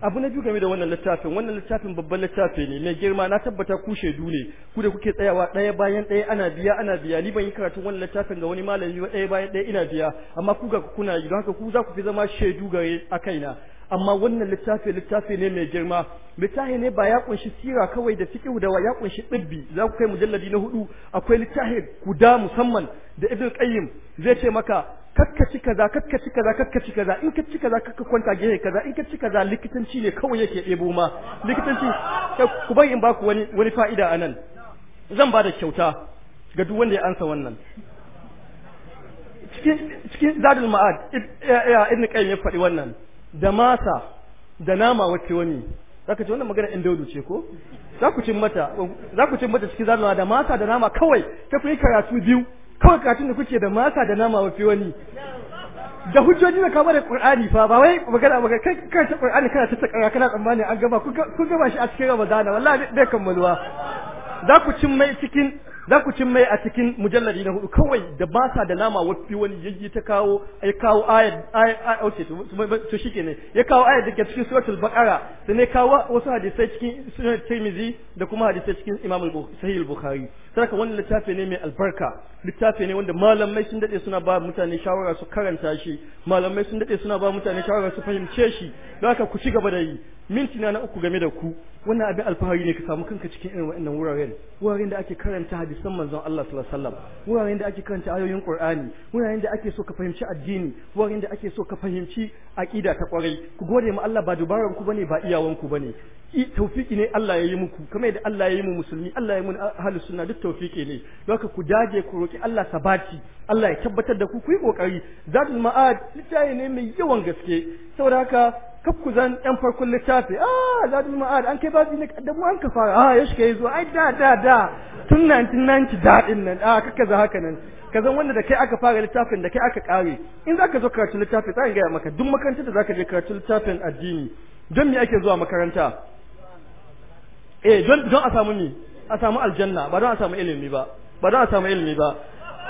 abu na biyu game da wannan littafin wannan littafin babban littafi ne mai girma na tabbata ku shaidu ne ku da kuke tsayawa ɗaya bayan ɗaya ana biya ana biya ni ban yi karatun wannan littafin ga wani malami ba ɗaya bayan ɗaya ina biya amma ku ga kuna yi don haka ku za ku fi zama shaidu gare a kai na amma wannan littafi littafi ne mai girma littafi ne ba ya kunshi sira kawai da fiqh da ya kunshi tibbi za ku kai mujalladi na hudu akwai littafi guda musamman da ibn qayyim zai ce maka kakka ci kaza kakka ci kaza kakka ci kaza in ka ci kaza kakka kwanta gehe kaza in ka ci kaza likitanci ne kawai yake ɗebo ma likitanci eh, ku bai in baku wani wani fa'ida anan zan ba da kyauta ga duk wanda ya ansa wannan cikin cikin zadul ma'ad eh, eh, ibn qayyim ya faɗi wannan da masa da nama wacce wani zaka ji wannan magana in daudu ce ko za ku cin mata za ku cin mata cikin zadul ma'ad da masa da nama kawai ta fi karatu biyu kawai katun da kuke da masa da nama wa wani da hujjoji da kama da Qur'ani fa ba wai magana magana kai kai ta Qur'ani kana ta tsakara kana tsammani an gaba kun gaba shi a cikin Ramadana wallahi bai kammaluwa za ku cin mai cikin za ku cin mai a cikin mujallari na hudu kawai da ba sa da nama wafi wani yayi ta kawo ai kawo ayat ai okay to shikenan ya kawo ayat da ke cikin suratul baqara sai ne kawo wasu hadisai cikin sunan tirmizi da kuma hadisai cikin imam sahih bukhari saka wannan littafi ne mai albarka littafi ne wanda malamai sun dade suna ba mutane shawara su karanta shi malamai sun dade suna ba mutane shawara su fahimce shi don haka ku ci gaba da yi minti na uku game da ku wannan abin alfahari ne ka samu kanka cikin irin wa'annan wuraren wuraren da ake karanta hadisi hadisan manzon Allah sallallahu alaihi wasallam wuraren da ake karanta ayoyin Qur'ani wuraren da ake so ka fahimci addini wuraren da ake so ka fahimci aqida ta kwarai ku gode ma Allah ba dubaran ku bane ba iyawan ku bane tawfiki ne Allah ya yi muku kamar yadda Allah ya yi mu musulmi Allah ya yi mu ahlus sunna duk tawfiki ne haka ku dage ku roki Allah sabati Allah ya tabbatar da ku ku yi kokari zadul ma'ad littafi ne mai yawan gaske saboda haka kakku zan ɗan farkon littafi a ah, zaɗin ma'ad an kai babi ne da an ka fara ah yashi yi zuwa ai da da da tun ci daɗin nan a, ah, kakka za haka nan ka zan wanda da kai aka fara littafin da kai aka ƙare in za ka zo karatu littafi tsarin gaya maka duk makarantar da za ka je karatu littafin addini don me ake zuwa makaranta eh don a samu ni a samu aljanna ba don a samu ilimi ba ba don a samu ilimi ba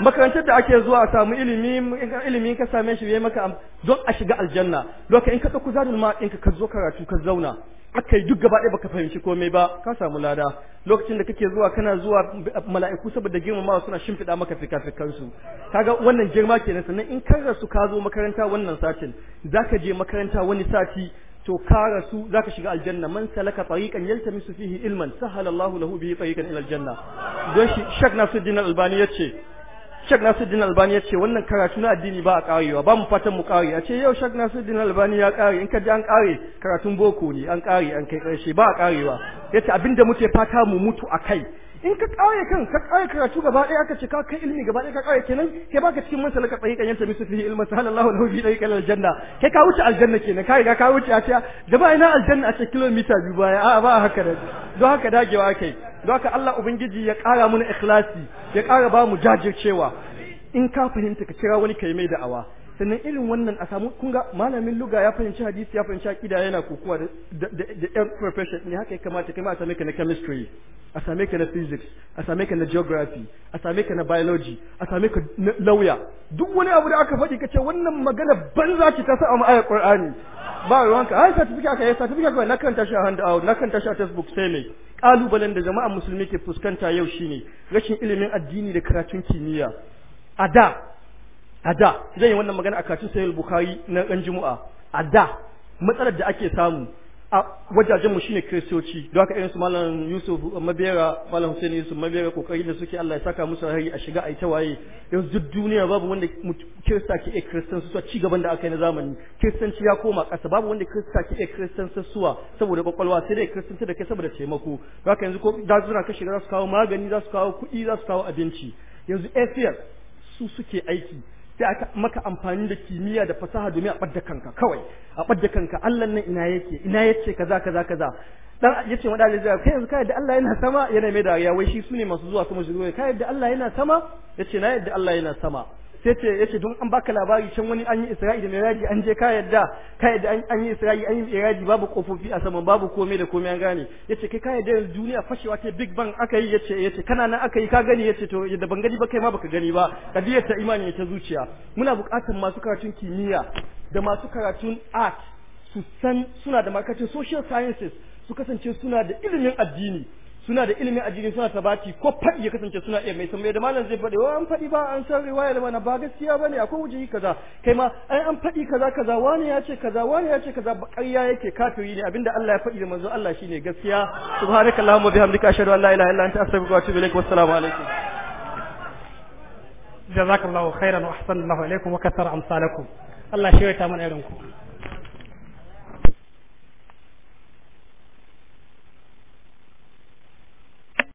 makarantar da ake zuwa a samu ilimi ilimin ka same shi yayi maka don a shiga aljanna lokacin in ka dauko zadul ma in ka zo karatu ka zauna akai duk gaba ɗaya baka fahimci komai ba ka samu lada lokacin da kake zuwa kana zuwa mala'iku saboda girmamawa suna shimfiɗa maka fikafikan su kaga wannan girma kenan sannan in ka rasu ka zo makaranta wannan satin zaka je makaranta wani sati to ka rasu zaka shiga aljanna man salaka tariqan yaltamisu fihi ilman sahala Allahu lahu bihi tariqan ila aljanna don shi Sheikh Nasruddin Albani yace Sheikh Nasiruddin Albani ya ce wannan karatu na addini ba a karewa ba mu fatan mu kare a ce yau Sheikh Nasiruddin Albani ya kare in ka ji an kare karatun boko ne an kare an kai karshe ba a karewa yace abinda muke fata mu mutu a kai. in ka ƙauye kan ka ƙauye karatu gaba ɗaya aka ce ka kai ilimi gaba ɗaya ka ƙauye kenan ke baka cikin man salaka tsayi kan yanta misu fi ilmi sallallahu alaihi wa sallam aljanna kai ka wuce aljanna kenan ka riga ka wuce a ce gaba ina aljanna a ce kilomita biyu baya a'a ba haka da don haka dagewa kai don haka Allah ubangiji ya ƙara mana ikhlasi ya ƙara ba mu jajircewa in ka fahimta ka kira wani kai mai da'awa sannan irin wannan a samu kun ga malamin luga ya fahimci hadisi ya fahimci akida yana kokuwa da da yan profession ne haka ya kamata kai ma a same ka na chemistry a same ka na physics a same ka na geography a same ka na biology a same ka na lawyer duk wani abu da aka faɗi ka ce wannan magana banza ce ta sa a ayar qur'ani ba ruwanka ai certificate aka yi certificate kawai na kan tashi a hand out na kan tashi a textbook sai ne kalubalen da jama'an musulmi ke fuskanta yau shine rashin ilimin addini da karatun kimiyya a da a da zan yi wannan magana a kacin sayar Bukhari na ɗan jimu'a a da matsalar da ake samu a wajajen mu shine kristoci don haka irin su malam yusuf mabera malam hussein yusuf mabera kokari da suke Allah ya saka musu hari a shiga a ita waye yanzu duk duniya babu wanda kirista ke iya kristan su ci gaban da aka yi na zamani kristanci ya koma ƙasa babu wanda kirista ke iya kristan suwa saboda kwakwalwa sai dai kiristanta da kai saboda taimako don haka yanzu ko dazuna ka shiga za su kawo magani za su kawo kuɗi za su kawo abinci yanzu ACS su suke aiki sai aka maka amfani da kimiyya da fasaha domin a ɓadda kanka kawai a ɓadda kanka Allah nan ina yake ina yace kaza kaza kaza dan yace wanda zai kai yanzu kai da Allah yana sama yana mai da ya wai shi sune masu zuwa sama shi zuwa kai da Allah yana sama yace na yadda Allah yana sama sai ce yace don an baka labari can wani an yi isra'i da mai an je ka yadda ka yadda an yi isra'i an yi mai babu kofofi a saman babu komai da komai an gane yace kai ka yadda duniya fashewa ta big bang aka yi yace ce kana nan aka yi ka gani yace to yadda ban gani ba kai ma baka gani ba kadiyar ta imani ta zuciya muna bukatar masu karatun kimiyya da masu karatun art su san suna da makacin social sciences su kasance suna da ilimin addini suna da a jini suna tabati ko faɗi ya kasance suna iya mai san tambaye da malam zai faɗi wa an faɗi ba an san riwaya da mana ba gaskiya bane akwai wuji kaza kai ma ai an faɗi kaza kaza wani ya ce kaza wani ya ce kaza ƙarya yake kafiri ne abinda Allah ya faɗi da manzo Allah shine gaskiya subhanakallahumma bihamdika ashhadu an la ilaha illa anta astaghfiruka wa atubu ilaik wassalamu alaikum jazakallahu khairan wa ahsanallahu alaikum wa kathara amsalakum Allah shi ya ta mana irin ku